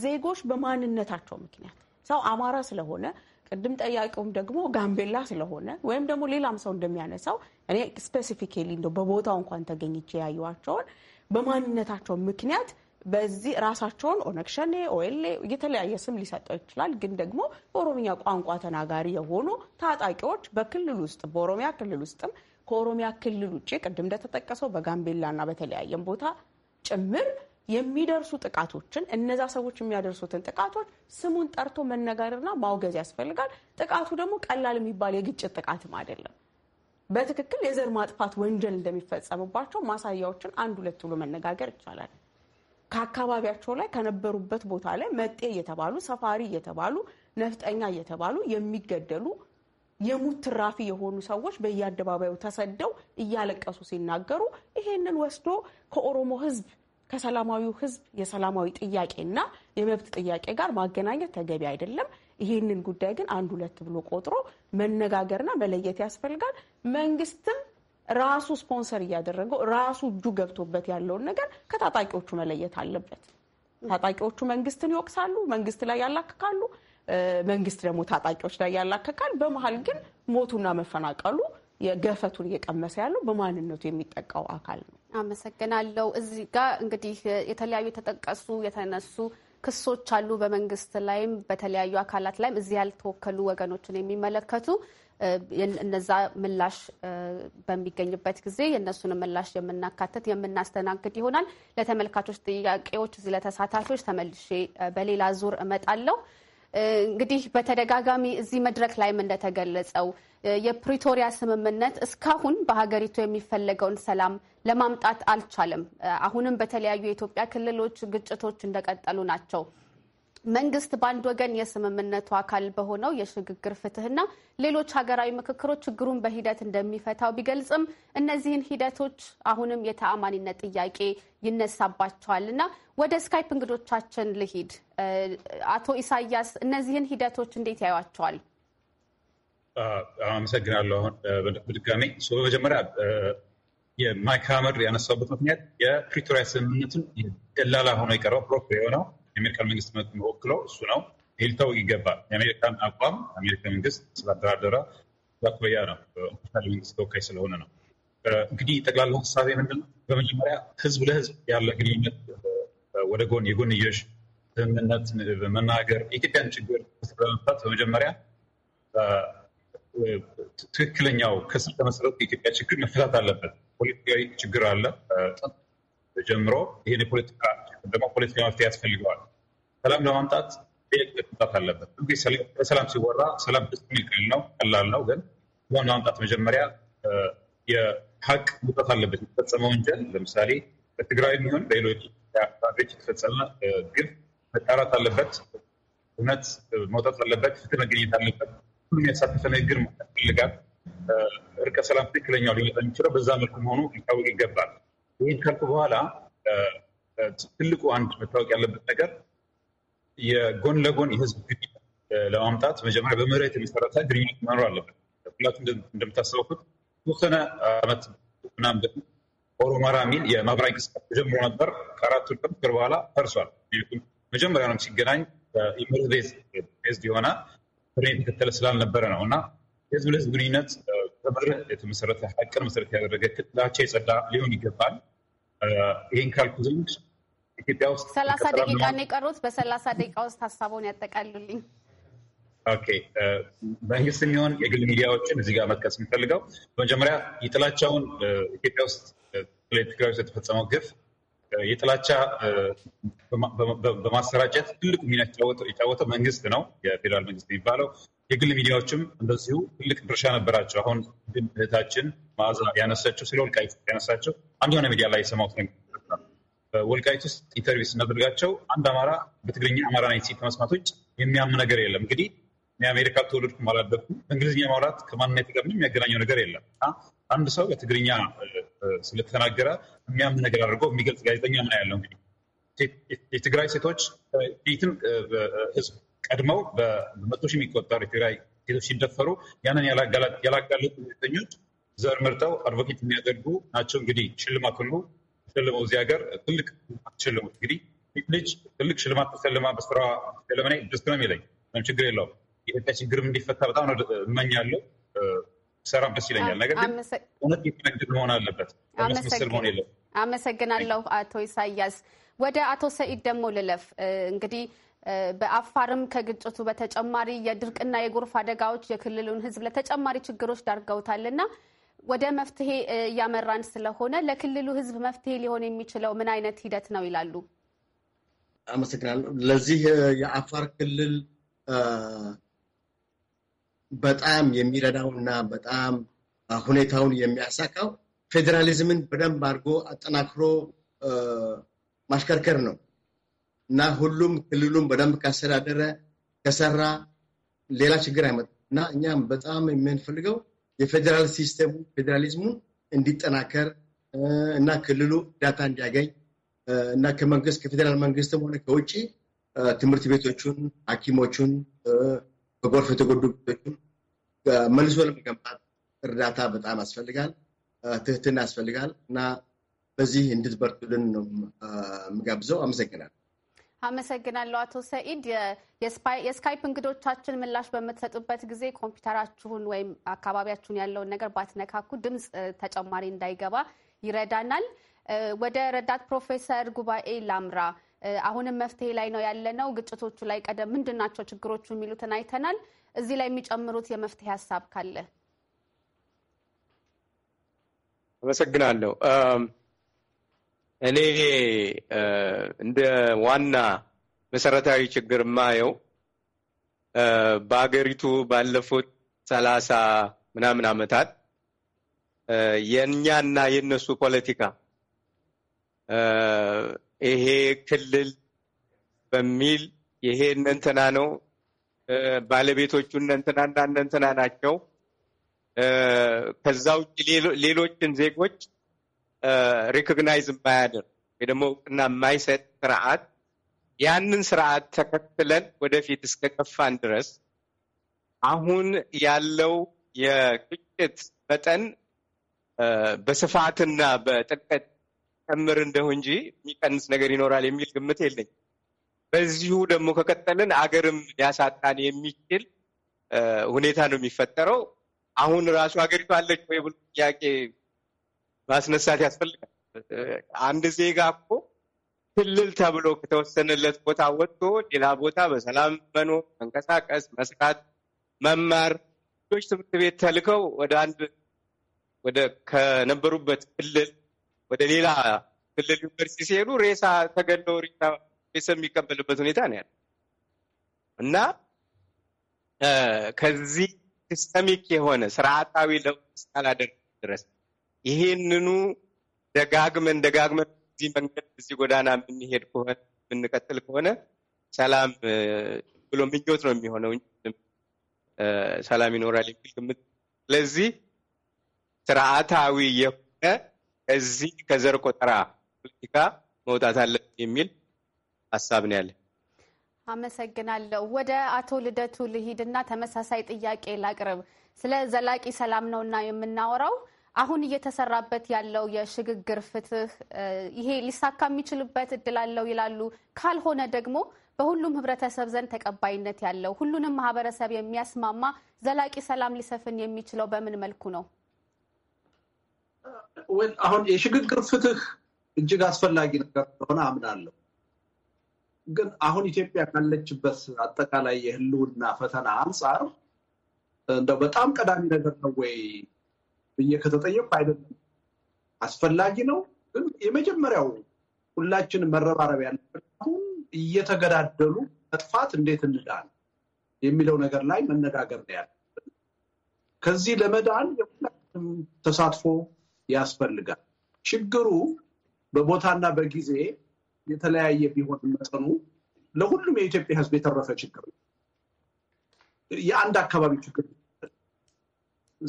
ዜጎች በማንነታቸው ምክንያት ሰው አማራ ስለሆነ ቅድም ጠያቂውም ደግሞ ጋምቤላ ስለሆነ ወይም ደግሞ ሌላም ሰው እንደሚያነሳው እኔ ስፔሲፊካሊ እንደው በቦታው እንኳን ተገኝቼ ያዩዋቸውን በማንነታቸው ምክንያት በዚህ ራሳቸውን ኦነግ ሸኔ፣ ኦኤልኤ የተለያየ ስም ሊሰጠው ይችላል። ግን ደግሞ በኦሮምኛ ቋንቋ ተናጋሪ የሆኑ ታጣቂዎች በክልል ውስጥ በኦሮሚያ ክልል ውስጥም ከኦሮሚያ ክልል ውጭ ቅድም እንደተጠቀሰው በጋምቤላና በተለያየም ቦታ ጭምር የሚደርሱ ጥቃቶችን እነዛ ሰዎች የሚያደርሱትን ጥቃቶች ስሙን ጠርቶ መነጋገርና ማውገዝ ያስፈልጋል። ጥቃቱ ደግሞ ቀላል የሚባል የግጭት ጥቃትም አይደለም። በትክክል የዘር ማጥፋት ወንጀል እንደሚፈጸምባቸው ማሳያዎችን አንድ ሁለት ብሎ መነጋገር ይቻላል። ከአካባቢያቸው ላይ ከነበሩበት ቦታ ላይ መጤ እየተባሉ ሰፋሪ እየተባሉ ነፍጠኛ እየተባሉ የሚገደሉ የሙት ትራፊ የሆኑ ሰዎች በየአደባባዩ ተሰደው እያለቀሱ ሲናገሩ ይሄንን ወስዶ ከኦሮሞ ህዝብ ከሰላማዊው ህዝብ የሰላማዊ ጥያቄና የመብት ጥያቄ ጋር ማገናኘት ተገቢ አይደለም። ይሄንን ጉዳይ ግን አንድ ሁለት ብሎ ቆጥሮ መነጋገርና መለየት ያስፈልጋል። መንግስትም ራሱ ስፖንሰር እያደረገው ራሱ እጁ ገብቶበት ያለውን ነገር ከታጣቂዎቹ መለየት አለበት። ታጣቂዎቹ መንግስትን ይወቅሳሉ፣ መንግስት ላይ ያላክካሉ። መንግስት ደግሞ ታጣቂዎች ላይ ያላከካል። በመሀል ግን ሞቱና መፈናቀሉ የገፈቱን እየቀመሰ ያለው በማንነቱ የሚጠቃው አካል ነው። አመሰግናለሁ። እዚህ ጋር እንግዲህ የተለያዩ የተጠቀሱ የተነሱ ክሶች አሉ። በመንግስት ላይም በተለያዩ አካላት ላይም እዚህ ያልተወከሉ ወገኖችን የሚመለከቱ እነዛ ምላሽ በሚገኝበት ጊዜ የእነሱን ምላሽ የምናካተት የምናስተናግድ ይሆናል። ለተመልካቾች ጥያቄዎች እዚህ ለተሳታፊዎች ተመልሼ በሌላ ዙር እመጣለሁ። እንግዲህ በተደጋጋሚ እዚህ መድረክ ላይም እንደተገለጸው የፕሪቶሪያ ስምምነት እስካሁን በሀገሪቱ የሚፈለገውን ሰላም ለማምጣት አልቻለም። አሁንም በተለያዩ የኢትዮጵያ ክልሎች ግጭቶች እንደቀጠሉ ናቸው። መንግስት በአንድ ወገን የስምምነቱ አካል በሆነው የሽግግር ፍትህና ሌሎች ሀገራዊ ምክክሮች ችግሩን በሂደት እንደሚፈታው ቢገልጽም እነዚህን ሂደቶች አሁንም የተአማኒነት ጥያቄ ይነሳባቸዋል እና ወደ ስካይፕ እንግዶቻችን ልሂድ። አቶ ኢሳያስ እነዚህን ሂደቶች እንዴት ያዩቸዋል? አመሰግናለሁ። አሁን በድጋሜ በመጀመሪያ የማይክ ሀመር ያነሳበት ምክንያት የፕሪቶሪያ ስምምነቱን ደላላ ሆኖ የቀረው ፕሮፕ የሆነው የአሜሪካን መንግስት ወክለው እሱ ነው ሊታወቅ ይገባል። የአሜሪካን አቋም አሜሪካ መንግስት ስላደራደረ ባኩያ ነው መንግስት ተወካይ ስለሆነ ነው። እንግዲህ ጠቅላላ ሀሳቤ ምንድን ነው? በመጀመሪያ ህዝብ ለህዝብ ያለ ግንኙነት ወደ ጎን የጎንዮሽ ስምምነት መናገር የኢትዮጵያን ችግር ለመፍታት በመጀመሪያ ትክክለኛው ከስር ከመሰረቱ የኢትዮጵያ ችግር መፈታት አለበት። ፖለቲካዊ ችግር አለ ጀምሮ ይህን የፖለቲካ ደግሞ ፖለቲካዊ መፍትሄ ያስፈልገዋል። ሰላም ለማምጣት መምጣት አለበት። ሰላም ሲወራ ሰላም ደስ የሚል ቃል ነው፣ ቀላል ነው። ግን ዋን ለማምጣት መጀመሪያ የሀቅ መውጣት አለበት። የተፈጸመ ወንጀል ለምሳሌ በትግራይ የሚሆን በሌሎች አካባቢዎች የተፈጸመ ግፍ መጣራት አለበት። እውነት መውጣት አለበት። ፍትህ መገኘት አለበት። ሁሉም ያሳተፈ ንግግር ያስፈልጋል። እርቀ ሰላም ትክክለኛው ሊመጣ የሚችለው በዛ መልኩ መሆኑ ሊታወቅ ይገባል። ይህን ካልኩ በኋላ ትልቁ አንድ መታወቅ ያለበት ነገር የጎን ለጎን የህዝብ ግንኙነት ለማምጣት መጀመሪያ በመሬት የመሰረተ ግንኙነት መኖር አለበት። ሁላቱም እንደምታስታውሱት ተወሰነ ዓመት ምናምን በፊት ኦሮማራ የሚል የማህበራዊ እንቅስቃሴ ተጀምሮ ነበር። ከአራት ወር ከምክር በኋላ ፈርሷል። መጀመሪያ ነው ሲገናኝ የምህረት ቤዝ የሆነ ፍሬ የተከተለ ስላልነበረ ነው እና የህዝብ ለህዝብ ግንኙነት በምህረት የተመሰረተ ሀቅን መሰረት ያደረገ ክትላቸው የጸዳ ሊሆን ይገባል። ይህን ካልኩ ዘንድ ኢትዮጵያ ውስጥ ሰላሳ ደቂቃ ነው የቀሩት። በሰላሳ ደቂቃ ውስጥ ሀሳቡን ያጠቃሉልኝ። ኦኬ መንግስት የሚሆን የግል ሚዲያዎችን እዚህ ጋር መጥቀስ የሚፈልገው በመጀመሪያ የጥላቻውን ኢትዮጵያ ውስጥ ትግራይ ውስጥ የተፈጸመው ግፍ የጥላቻ በማሰራጨት ትልቁ ሚና የተጫወተው መንግስት ነው፣ የፌዴራል መንግስት የሚባለው። የግል ሚዲያዎችም እንደዚሁ ትልቅ ድርሻ ነበራቸው። አሁን እህታችን መዓዛ ያነሳቸው ስለ ወልቃይት ያነሳቸው አንድ የሆነ ሚዲያ ላይ የሰማሁት ነገር ወልቃይት ውስጥ ኢንተርቪው ስናደርጋቸው አንድ አማራ በትግርኛ አማራ ናይ ከመስማቶች የሚያምን ነገር የለም። እንግዲህ የአሜሪካ ተወለድኩም አላደኩም በእንግሊዝኛ ማውራት ከማንነት ጋር ምንም የሚያገናኘው ነገር የለም። አንድ ሰው በትግርኛ ስለተናገረ የሚያምን ነገር አድርገው የሚገልጽ ጋዜጠኛ ምን ያለው እንግዲህ የትግራይ ሴቶች ትን ህዝብ ቀድመው በመቶ ሺህ የሚቆጠሩ የትግራይ ሴቶች ሲደፈሩ ያንን ያላጋለጡ ጋዜጠኞች ዘር መርጠው አድቮኬት የሚያደርጉ ናቸው። እንግዲህ ሽልማት ሁሉ ተሸልመው እዚህ ሀገር ትልቅ ተሸልሙት። እንግዲህ ልጅ ትልቅ ሽልማት ተሰልማ በስራ ተሸለመ ደስ ነው የሚለኝ፣ ምንም ችግር የለውም። የኢትዮጵያ ችግርም እንዲፈታ በጣም ነው እመኛለሁ። ሰራም ደስ ይለኛል። ነገር ግን እውነት የተነግድ መሆን አለበት፣ መስመስል መሆን የለም። አመሰግናለሁ አቶ ኢሳያስ። ወደ አቶ ሰኢድ ደግሞ ልለፍ። እንግዲህ በአፋርም ከግጭቱ በተጨማሪ የድርቅና የጎርፍ አደጋዎች የክልሉን ሕዝብ ለተጨማሪ ችግሮች ዳርገውታልና ወደ መፍትሄ እያመራን ስለሆነ ለክልሉ ህዝብ መፍትሄ ሊሆን የሚችለው ምን አይነት ሂደት ነው ይላሉ? አመሰግናለሁ። ለዚህ የአፋር ክልል በጣም የሚረዳው እና በጣም ሁኔታውን የሚያሳካው ፌዴራሊዝምን በደንብ አድርጎ አጠናክሮ ማሽከርከር ነው እና ሁሉም ክልሉም በደንብ ካስተዳደረ ከሰራ ሌላ ችግር አይመጣም እና እኛም በጣም የምንፈልገው የፌዴራል ሲስተሙ ፌዴራሊዝሙ እንዲጠናከር እና ክልሉ ዳታ እንዲያገኝ እና ከመንግስት ከፌዴራል መንግስትም ሆነ ከውጭ ትምህርት ቤቶቹን፣ ሐኪሞቹን፣ በጎርፍ የተጎዱ ቤቶቹን መልሶ ለመገንባት እርዳታ በጣም ያስፈልጋል። ትህትና ያስፈልጋል እና በዚህ እንድትበርቱልን ነው የምጋብዘው። አመሰግናለሁ። አመሰግናለሁ አቶ ሰኢድ። የስካይፕ እንግዶቻችን ምላሽ በምትሰጡበት ጊዜ ኮምፒውተራችሁን ወይም አካባቢያችሁን ያለውን ነገር ባትነካኩ ድምፅ ተጨማሪ እንዳይገባ ይረዳናል። ወደ ረዳት ፕሮፌሰር ጉባኤ ላምራ። አሁንም መፍትሄ ላይ ነው ያለነው። ግጭቶቹ ላይ ቀደም ምንድን ናቸው ችግሮቹ የሚሉትን አይተናል። እዚህ ላይ የሚጨምሩት የመፍትሄ ሀሳብ ካለ አመሰግናለሁ። እኔ እንደ ዋና መሰረታዊ ችግር ማየው በሀገሪቱ ባለፉት ሰላሳ ምናምን ዓመታት የእኛና የእነሱ ፖለቲካ ይሄ ክልል በሚል ይሄ እነንትና ነው ባለቤቶቹ እነንትናና እነንትና ናቸው። ከዛ ውጭ ሌሎችን ዜጎች ሪኮግናይዝ የማያደርግ ወይ ደግሞ እውቅና የማይሰጥ ስርዓት ያንን ስርዓት ተከትለን ወደፊት እስከ ከፋን ድረስ አሁን ያለው የግጭት መጠን በስፋትና በጥልቀት ጨምር እንደሁ እንጂ የሚቀንስ ነገር ይኖራል የሚል ግምት የለኝ። በዚሁ ደግሞ ከቀጠልን አገርም ሊያሳጣን የሚችል ሁኔታ ነው የሚፈጠረው። አሁን ራሱ ሀገሪቱ አለች ወይ ብሎ ጥያቄ ማስነሳት ያስፈልጋል። አንድ ዜጋ እኮ ክልል ተብሎ ከተወሰነለት ቦታ ወጥቶ ሌላ ቦታ በሰላም መኖር፣ መንቀሳቀስ፣ መስራት፣ መማር ልጆች ትምህርት ቤት ተልከው ወደ አንድ ወደ ከነበሩበት ክልል ወደ ሌላ ክልል ዩኒቨርሲቲ ሲሄዱ ሬሳ ተገለው ሬሳ ቤተሰብ የሚቀበልበት ሁኔታ ነው ያለ እና ከዚህ ሲስተሚክ የሆነ ስርዓታዊ ለውጥ እስካላደረግ ድረስ ይህንኑ ደጋግመን ደጋግመን እዚህ መንገድ እዚህ ጎዳና የምንሄድ ከሆነ የምንቀጥል ከሆነ ሰላም ብሎ ምኞት ነው የሚሆነው ሰላም ይኖራል የሚል ግምት። ስለዚህ ስርዓታዊ የሆነ እዚህ ከዘር ቆጠራ ፖለቲካ መውጣት አለብን የሚል ሀሳብ ነው ያለ። አመሰግናለሁ። ወደ አቶ ልደቱ ልሂድና ተመሳሳይ ጥያቄ ላቅርብ። ስለ ዘላቂ ሰላም ነውና የምናወራው አሁን እየተሰራበት ያለው የሽግግር ፍትህ ይሄ ሊሳካ የሚችልበት እድል አለው ይላሉ። ካልሆነ ደግሞ በሁሉም ህብረተሰብ ዘንድ ተቀባይነት ያለው ሁሉንም ማህበረሰብ የሚያስማማ ዘላቂ ሰላም ሊሰፍን የሚችለው በምን መልኩ ነው? አሁን የሽግግር ፍትህ እጅግ አስፈላጊ ነገር እንደሆነ አምናለሁ። ግን አሁን ኢትዮጵያ ካለችበት አጠቃላይ የህልውና ፈተና አንጻር እንደው በጣም ቀዳሚ ነገር ነው ወይ ብዬ ከተጠየቅኩ አይደለም አስፈላጊ ነው። ግን የመጀመሪያው ሁላችን መረባረብ ያለበት እየተገዳደሉ መጥፋት እንዴት እንዳል የሚለው ነገር ላይ መነጋገር ነው ያለ። ከዚህ ለመዳን የሁላችንም ተሳትፎ ያስፈልጋል። ችግሩ በቦታና በጊዜ የተለያየ ቢሆን መጠኑ ለሁሉም የኢትዮጵያ ሕዝብ የተረፈ ችግር የአንድ አካባቢ ችግር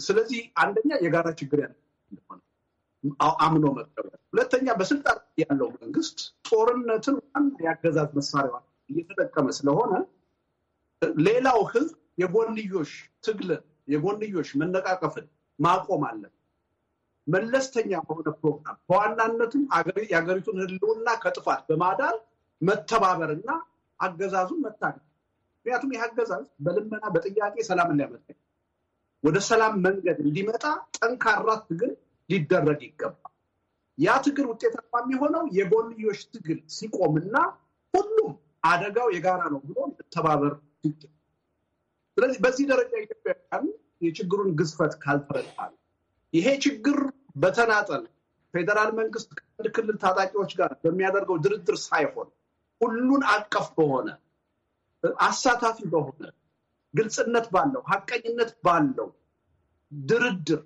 ስለዚህ አንደኛ የጋራ ችግር ያለ አምኖ መቀበል፣ ሁለተኛ በስልጣን ያለው መንግስት ጦርነትን ዋና የአገዛዝ መሳሪያ እየተጠቀመ ስለሆነ ሌላው ህዝብ የጎንዮሽ ትግልን የጎንዮሽ መነቃቀፍን ማቆም አለን። መለስተኛ በሆነ ፕሮግራም በዋናነትም የሀገሪቱን ህልውና ከጥፋት በማዳን መተባበርና አገዛዙን መታገል። ምክንያቱም ይህ አገዛዝ በልመና በጥያቄ ሰላምን ሊያመጣ ወደ ሰላም መንገድ እንዲመጣ ጠንካራ ትግል ሊደረግ ይገባል። ያ ትግል ውጤታማ የሚሆነው የጎንዮሽ ትግል ሲቆምና ሁሉም አደጋው የጋራ ነው ብሎ መተባበር ይገባል። ስለዚህ በዚህ ደረጃ ኢትዮጵያውያን የችግሩን ግዝፈት ካልተረዳል ይሄ ችግር በተናጠል ፌዴራል መንግስት ከአንድ ክልል ታጣቂዎች ጋር በሚያደርገው ድርድር ሳይሆን ሁሉን አቀፍ በሆነ አሳታፊ በሆነ ግልጽነት ባለው ሀቀኝነት ባለው ድርድር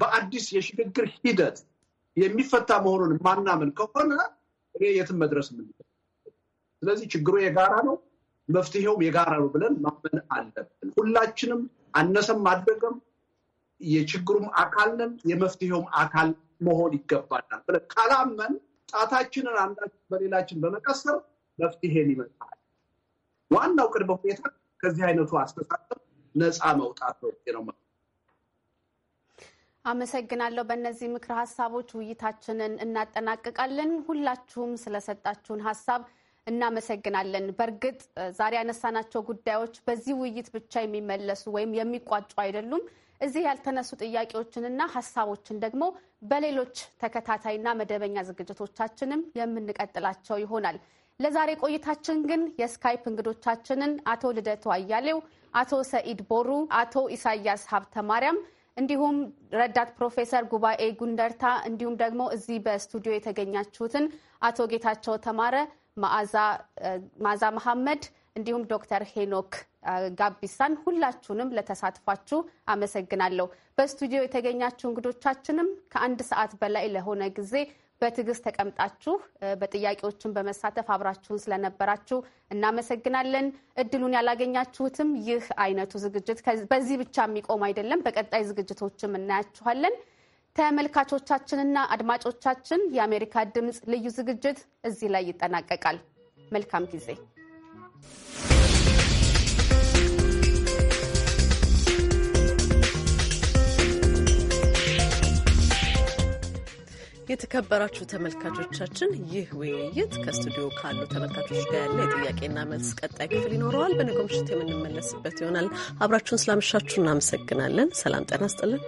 በአዲስ የሽግግር ሂደት የሚፈታ መሆኑን ማናምን ከሆነ የትም መድረስ ምን። ስለዚህ ችግሩ የጋራ ነው፣ መፍትሄውም የጋራ ነው ብለን ማመን አለብን። ሁላችንም አነሰም አደገም የችግሩም አካል ነን፣ የመፍትሄውም አካል መሆን ይገባናል ብለን ካላመን ጣታችንን አንዳችን በሌላችን በመቀሰር መፍትሄ ይመጣል ዋናው ቅድመ ሁኔታ ከዚህ አይነቱ አስተሳሰብ ነፃ መውጣት ነው። አመሰግናለሁ። በእነዚህ ምክር ሀሳቦች ውይይታችንን እናጠናቅቃለን። ሁላችሁም ስለሰጣችሁን ሀሳብ እናመሰግናለን። በእርግጥ ዛሬ ያነሳናቸው ጉዳዮች በዚህ ውይይት ብቻ የሚመለሱ ወይም የሚቋጩ አይደሉም። እዚህ ያልተነሱ ጥያቄዎችንና ሀሳቦችን ደግሞ በሌሎች ተከታታይና መደበኛ ዝግጅቶቻችንም የምንቀጥላቸው ይሆናል። ለዛሬ ቆይታችን ግን የስካይፕ እንግዶቻችንን አቶ ልደቱ አያሌው፣ አቶ ሰኢድ ቦሩ፣ አቶ ኢሳያስ ሀብተ ማርያም እንዲሁም ረዳት ፕሮፌሰር ጉባኤ ጉንደርታ እንዲሁም ደግሞ እዚህ በስቱዲዮ የተገኛችሁትን አቶ ጌታቸው ተማረ፣ ማዛ መሐመድ እንዲሁም ዶክተር ሄኖክ ጋቢሳን ሁላችሁንም ለተሳትፏችሁ አመሰግናለሁ። በስቱዲዮ የተገኛችሁ እንግዶቻችንም ከአንድ ሰዓት በላይ ለሆነ ጊዜ በትዕግስት ተቀምጣችሁ በጥያቄዎችን በመሳተፍ አብራችሁን ስለነበራችሁ እናመሰግናለን። እድሉን ያላገኛችሁትም ይህ አይነቱ ዝግጅት በዚህ ብቻ የሚቆም አይደለም። በቀጣይ ዝግጅቶችም እናያችኋለን። ተመልካቾቻችንና አድማጮቻችን የአሜሪካ ድምፅ ልዩ ዝግጅት እዚህ ላይ ይጠናቀቃል። መልካም ጊዜ የተከበራችሁ ተመልካቾቻችን ይህ ውይይት ከስቱዲዮ ካሉ ተመልካቾች ጋር ያለ የጥያቄና መልስ ቀጣይ ክፍል ይኖረዋል። በነገው ምሽት የምንመለስበት ይሆናል። አብራችሁን ስላመሻችሁ እናመሰግናለን። ሰላም ጤና ስጥልን።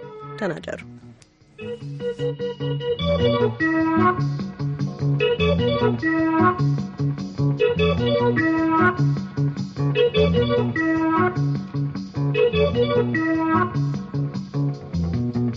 ደህና ደሩ